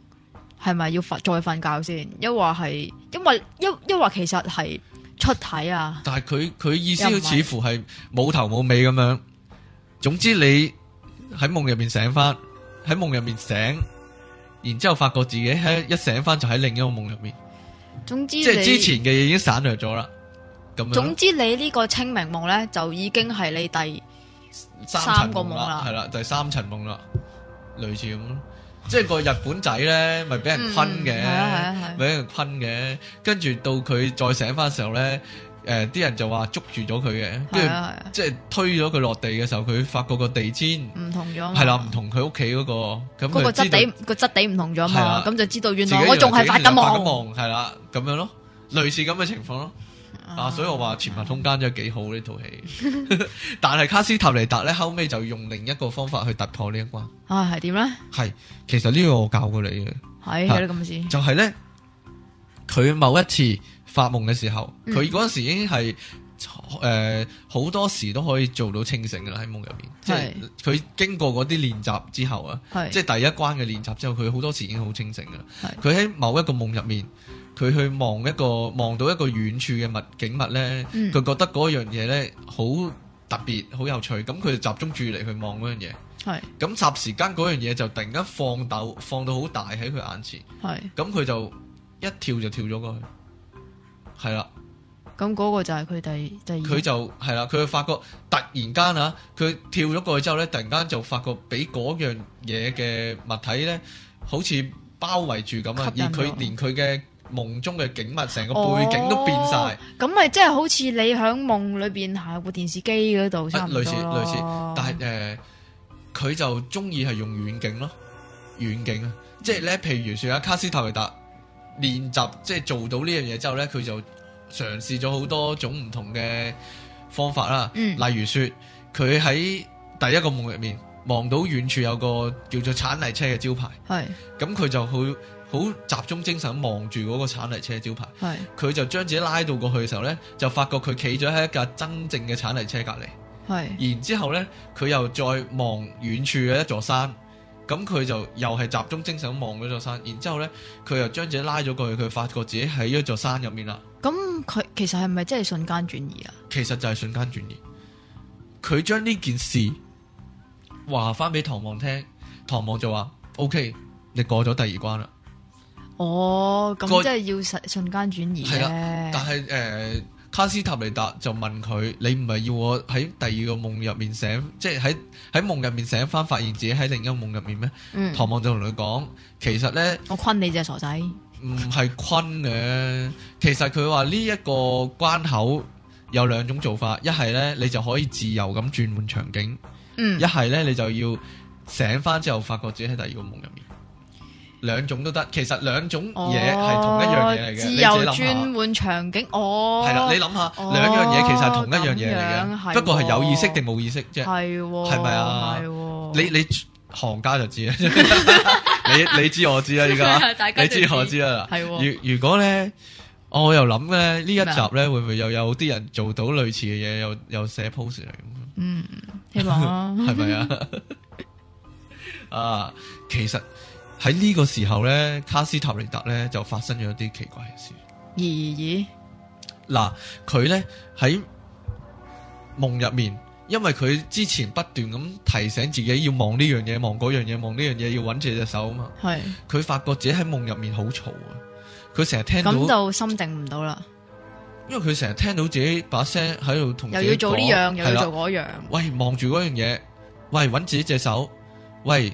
係咪要瞓再瞓覺先？抑或係，因為抑抑或其實係出體啊。但係佢佢意思似乎係冇頭冇尾咁樣。總之你喺夢入邊醒翻，喺夢入面醒，然之後發覺自己喺一醒翻就喺另一個夢入面。總之即係之前嘅嘢已經省略咗啦。咁總之你呢個清明夢咧就已經係你第三個夢啦。係啦，第三層夢啦，類似咁。 即係個日本仔咧，咪俾人昆嘅，俾、嗯啊啊啊、人昆嘅，跟住到佢再醒翻嘅時候咧。誒，啲人就話捉住咗佢嘅，跟住即係推咗佢落地嘅時候，佢發覺個地氈唔同咗，係啦，唔同佢屋企嗰個咁。嗰個質地，個質地唔同咗嘛，咁就知道原來我仲係發緊夢。發緊夢係啦，咁樣咯，類似咁嘅情況咯。啊，所以我話潛密空間真係幾好呢套戲。但係卡斯塔尼達咧後尾就用另一個方法去突破呢一關。啊，係點咧？係，其實呢個我教過你嘅，係，係啦，咁先。就係咧，佢某一次。發夢嘅時候，佢嗰陣時已經係誒好多時都可以做到清醒噶啦，喺夢入面。是即係佢經過嗰啲練習之後啊，是即係第一關嘅練習之後，佢好多時已經好清醒噶啦。佢喺是某一個夢入面，佢去望一個望到一個遠處嘅物景物呢，佢是覺得嗰樣嘢呢好特別、好有趣，咁佢就集中注意力去望嗰樣嘢。係咁霎時間嗰樣嘢就突然間放到，放到好大喺佢眼前。係咁佢就一跳就跳咗過去。係啦，咁嗰個就係佢哋。第佢就係啦，佢會發覺突然間啊，佢跳咗過去之後咧，突然間就發覺俾嗰樣嘢嘅物體咧，好似包圍住咁啊！而佢連佢嘅夢中嘅景物，成個背景都變晒。咁咪即係好似你響夢裏邊喺部電視機嗰度，類似類似，但係誒，佢、呃、就中意係用遠景咯，遠景啊！即係咧，譬如說阿卡斯塔維達。練習即係做到呢樣嘢之後咧，佢就嘗試咗好多種唔同嘅方法啦。嗯，例如說佢喺第一個夢入面望到遠處有個叫做鏟泥車嘅招牌，係咁佢就好好集中精神望住個鏟泥車招牌，係佢是就將自己拉到過去嘅時候咧，就發覺佢企咗喺一架真正嘅鏟泥車隔離，係是然之後咧，佢又再望遠處嘅一座山。咁佢就又係集中精神望嗰座山，然之後咧佢又將自己拉咗過去，佢發覺自己喺一座山入面啦。咁佢、嗯、其實係咪真係瞬間轉移啊？其實就係瞬間轉移，佢將呢件事話翻俾唐望聽，唐望就話：O K，你過咗第二關啦。哦，咁、嗯、個即係要瞬瞬間轉移嘅。係。但係誒。呃卡斯塔尼達就問佢：你唔係要我喺第二個夢入面醒，即係喺喺夢入面醒翻，發現自己喺另一個夢入面咩？嗯、唐望就同佢講：其實咧，我坤你隻傻仔。唔係坤嘅，其實佢話呢一個關口有兩種做法，一係咧你就可以自由咁轉換場景，嗯、一係咧你就要醒翻之後發覺自己喺第二個夢入面。兩種都得，其實兩種嘢係同一樣嘢嚟嘅。你自己諗下。轉換場景，哦。係啦，你諗下兩樣嘢其實係同一樣嘢嚟嘅，不過係有意識定冇意識啫。係喎。係咪啊？係喎。你你行家就知啦。你你知我知啦，依家。你知我知啦。如如果咧，我又諗咧，呢一集咧會唔會又有啲人做到類似嘅嘢，又又寫 post 嚟？嗯，希望。係咪啊？啊，其實。喺呢個時候咧，卡斯塔尼達咧就發生咗一啲奇怪嘅事。咦？咦咦，嗱，佢咧喺夢入面，因為佢之前不斷咁提醒自己要望呢樣嘢，望嗰樣嘢，望呢樣嘢，要揾住隻手啊嘛。係是。佢發覺自己喺夢入面好嘈啊！佢成日聽到咁就心靜唔到啦。因為佢成日聽到自己把聲喺度同，又要做呢樣，又要做嗰樣。喂，望住嗰樣嘢，喂，揾自己隻手，喂。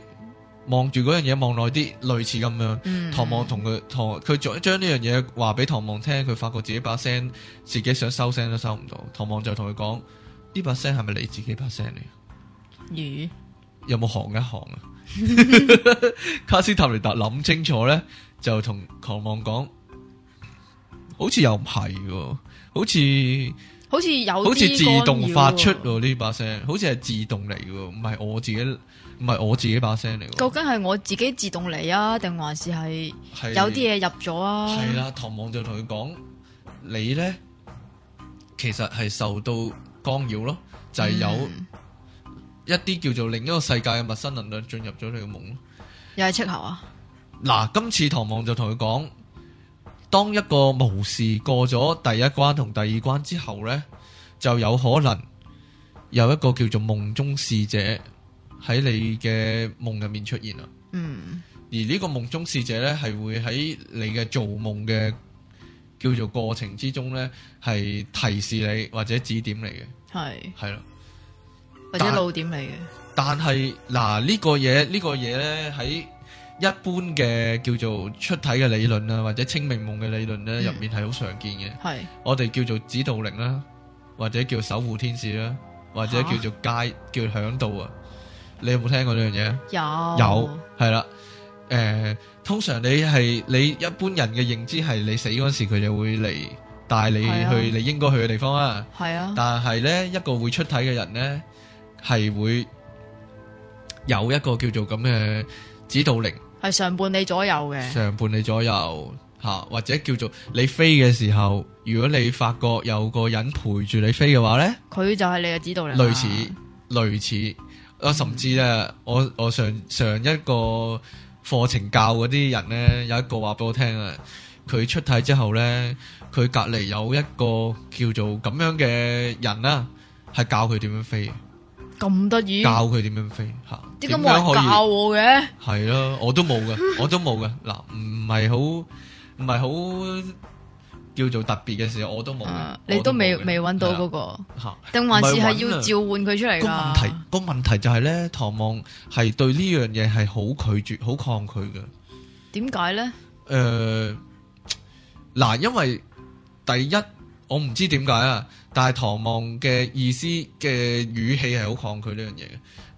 望住嗰樣嘢望耐啲類似咁樣，唐、嗯、望同佢唐佢將將呢樣嘢話俾唐望聽，佢發覺自己把聲自己想收聲都收唔到，唐望就同佢講，呢把聲係咪你自己把聲嚟？咦、嗯，有冇行一行啊？ 卡斯塔尼達諗清楚咧，就同唐望講，好似又唔係，好似。好似有好似自動發出呢、啊、把聲，好似係自動嚟嘅，唔係我自己，唔係我自己把聲嚟。究竟係我自己自動嚟啊，定還是係有啲嘢入咗啊？係啦，唐望、啊、就同佢講：你咧其實係受到干擾咯，就係、是、有一啲叫做另一個世界嘅陌生能量進入咗你嘅夢咯。又係出口啊！嗱，今次唐望就同佢講。當一個巫士過咗第一關同第二關之後呢，就有可能有一個叫做夢中使者喺你嘅夢入面出現啦。嗯，而呢個夢中使者呢，係會喺你嘅做夢嘅叫做過程之中呢，係提示你或者指點你嘅，係係咯，的或者露點嚟嘅。但係嗱，這個這個、呢個嘢，呢個嘢呢喺。一般嘅叫做出體嘅理論啊，或者清明夢嘅理論咧，入面係好常見嘅。係我哋叫做指導靈啦，或者叫守護天使啦，或者叫做街叫嚮導啊。你有冇聽過呢樣嘢？有有係啦。誒，通常你係你一般人嘅認知，係你死嗰時佢就會嚟帶你去你應該去嘅地方啊。係啊。但係咧一個會出體嘅人咧係會有一個叫做咁嘅指導靈。係常伴你左右嘅，常伴你左右吓、啊，或者叫做你飛嘅時候，如果你發覺有個人陪住你飛嘅話呢，佢就係你嘅指導人。類似類似、啊，甚至呢、嗯，我我上上一個課程教嗰啲人呢，有一個話俾我聽啊，佢出體之後呢，佢隔籬有一個叫做咁樣嘅人啦，係教佢點樣飛。咁得意？教佢點樣飛吓？點樣可以？教我？係咯，我都冇嘅，我都冇嘅。嗱，唔係好，唔係好叫做特別嘅時候，我都冇。你都未未搵到嗰個吓？定還是係要召喚佢出嚟？個問題個問題就係咧，唐望係對呢樣嘢係好拒絕、好抗拒嘅。點解咧？誒，嗱，因為第一，我唔知點解啊，但係唐望嘅意思嘅語氣係好抗拒呢樣嘢嘅。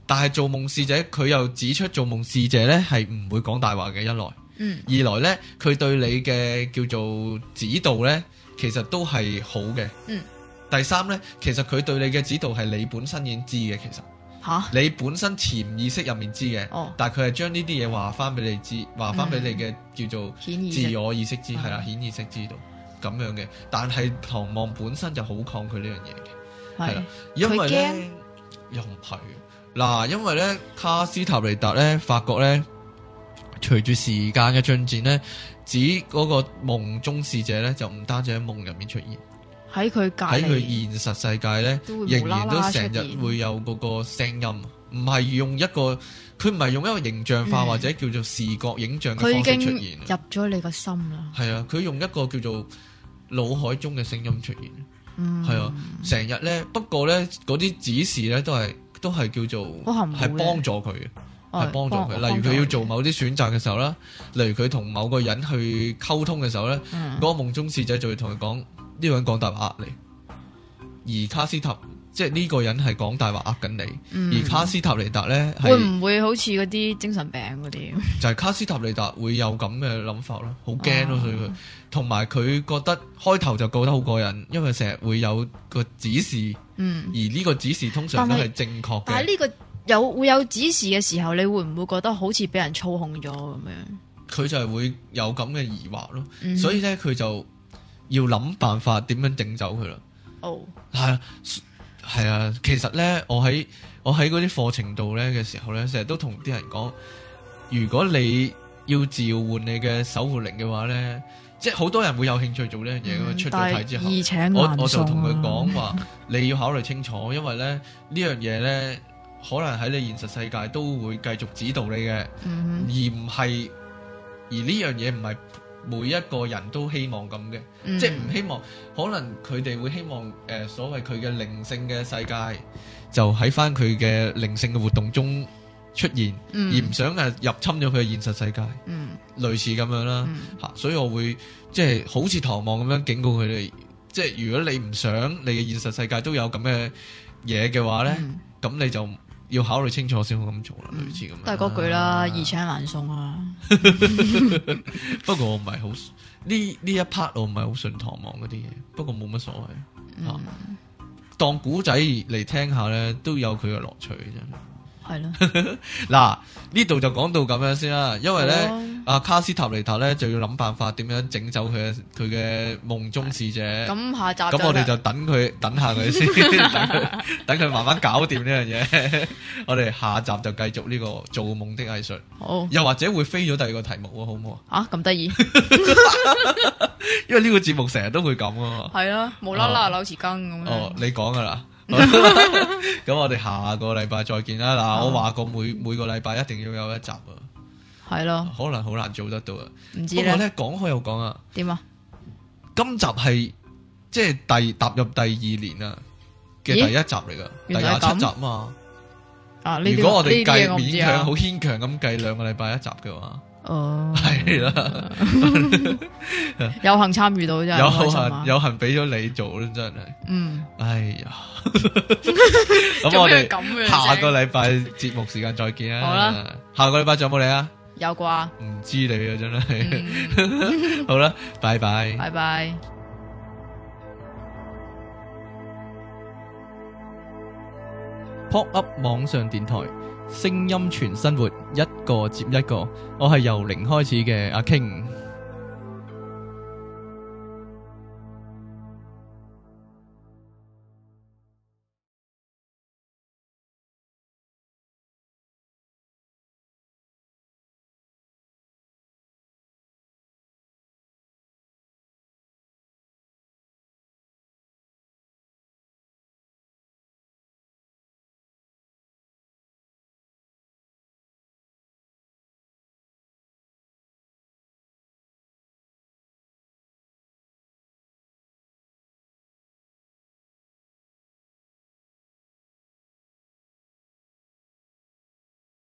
但係做夢使者佢又指出，做夢使者呢係唔會講大話嘅。一來，嗯，二來呢，佢對你嘅叫做指導呢，其實都係好嘅。嗯，第三呢，其實佢對你嘅指導係你本身已經知嘅，其實嚇，哈你本身潛意識入面知嘅。哦，但係佢係將呢啲嘢話翻俾你知，話翻俾你嘅、嗯、叫做自我意識知，係啦，顯意識知道。嗯。咁樣嘅，但係唐望本身就好抗拒呢樣嘢嘅，係啦是，因為咧怕又唔係嗱，因為咧卡斯塔尼達咧發覺咧，隨住時間嘅進展咧，指嗰個夢中使者咧就唔單止喺夢入面出現，喺佢隔喺佢現實世界咧，無無仍然都成日會有嗰個聲音，唔係用一個。佢唔係用一個形象化，嗯、或者叫做視覺影像嘅方式出現，入咗你個心啦。係啊，佢用一個叫做腦海中嘅聲音出現。係、嗯、啊，成日咧，不過咧嗰啲指示咧都係都係叫做，係幫助佢嘅，係幫、哎、助佢。例如佢要做某啲選擇嘅時候啦，例如佢同某個人去溝通嘅時候咧，嗰、嗯、個夢中使者就會同佢講呢個人講大壓力，而卡斯塔。即係呢個人係講大話，呃緊你，嗯、而卡斯塔尼達呢，會唔會好似嗰啲精神病嗰啲？ 就係卡斯塔尼達會有咁嘅諗法咯，好驚咯，哦、所以佢同埋佢覺得開頭就覺得好過癮，因為成日會有個指示，嗯、而呢個指示通常都係正確嘅。但係呢、這個有會有指示嘅時候，你會唔會覺得好似俾人操控咗咁樣？佢就係會有咁嘅疑惑咯，嗯、所以呢，佢就要諗辦法點樣整走佢啦。哦，係。係啊，其實咧，我喺我喺嗰啲課程度咧嘅時候咧，成日都同啲人講，如果你要召喚你嘅守護靈嘅話咧，即係好多人會有興趣做呢樣嘢。嗯、出咗體之後，而易請難送啊，我我就同佢講話，你要考慮清楚，因為咧呢樣嘢咧，可能喺你現實世界都會繼續指導你嘅、嗯哼，而唔係而呢樣嘢唔係。每一個人都希望咁嘅，嗯、即係唔希望，可能佢哋會希望誒、呃、所謂佢嘅靈性嘅世界，就喺返佢嘅靈性嘅活動中出現，嗯、而唔想誒入侵咗佢嘅現實世界。嗯，類似咁樣啦嚇、嗯啊，所以我會即係好似唐望咁樣警告佢哋，嗯、即係如果你唔想你嘅現實世界都有咁嘅嘢嘅話呢，咁、嗯、你就。要考慮清楚先好咁做啦，嗯、類似咁。都係嗰句啦，易請難送啊，不不！不過我唔係好呢呢一 part，我唔係好信唐望嗰啲嘢。不過冇乜所謂，啊嗯、當古仔嚟聽下咧，都有佢嘅樂趣嘅啫。係咯，嗱呢度就講到咁樣先啦，因為咧阿、oh. 卡斯塔尼塔咧就要諗辦法點樣整走佢嘅佢嘅夢中使者。咁、哎嗯、下集咁我哋就等佢等下佢先， 等佢慢慢搞掂呢樣嘢。 我哋下集就繼續呢、這個做夢的藝術。好，oh. 又或者會飛咗第二個題目喎，好唔好啊？啊咁得意， 因為呢個節目成日都會咁啊。係啊， 無啦啦扭匙羹咁。哦、oh. oh. oh,，你講噶啦。咁我哋下個禮拜再見啦！嗱，我話過每每個禮拜一定要有一集啊，係咯，可能好難做得到啊。唔知不過咧，講開又講啊。點啊？今集係即係第踏入第二年啊嘅第一集嚟噶，第廿七集啊嘛。如果我哋計，勉強好牽強咁計兩個禮拜一集嘅話。哦，係啦，有幸參與到啫，有幸有幸俾咗你做啦真係，嗯，哎呀，咁我哋咁樣下個禮拜節目時間再見啦，好啦，下個禮拜仲有冇你啊？有啩？唔知你啊真係。好啦，拜拜，拜拜，扑噏網上電台。聲音全生活，一個接一個。我係由零開始嘅阿 King。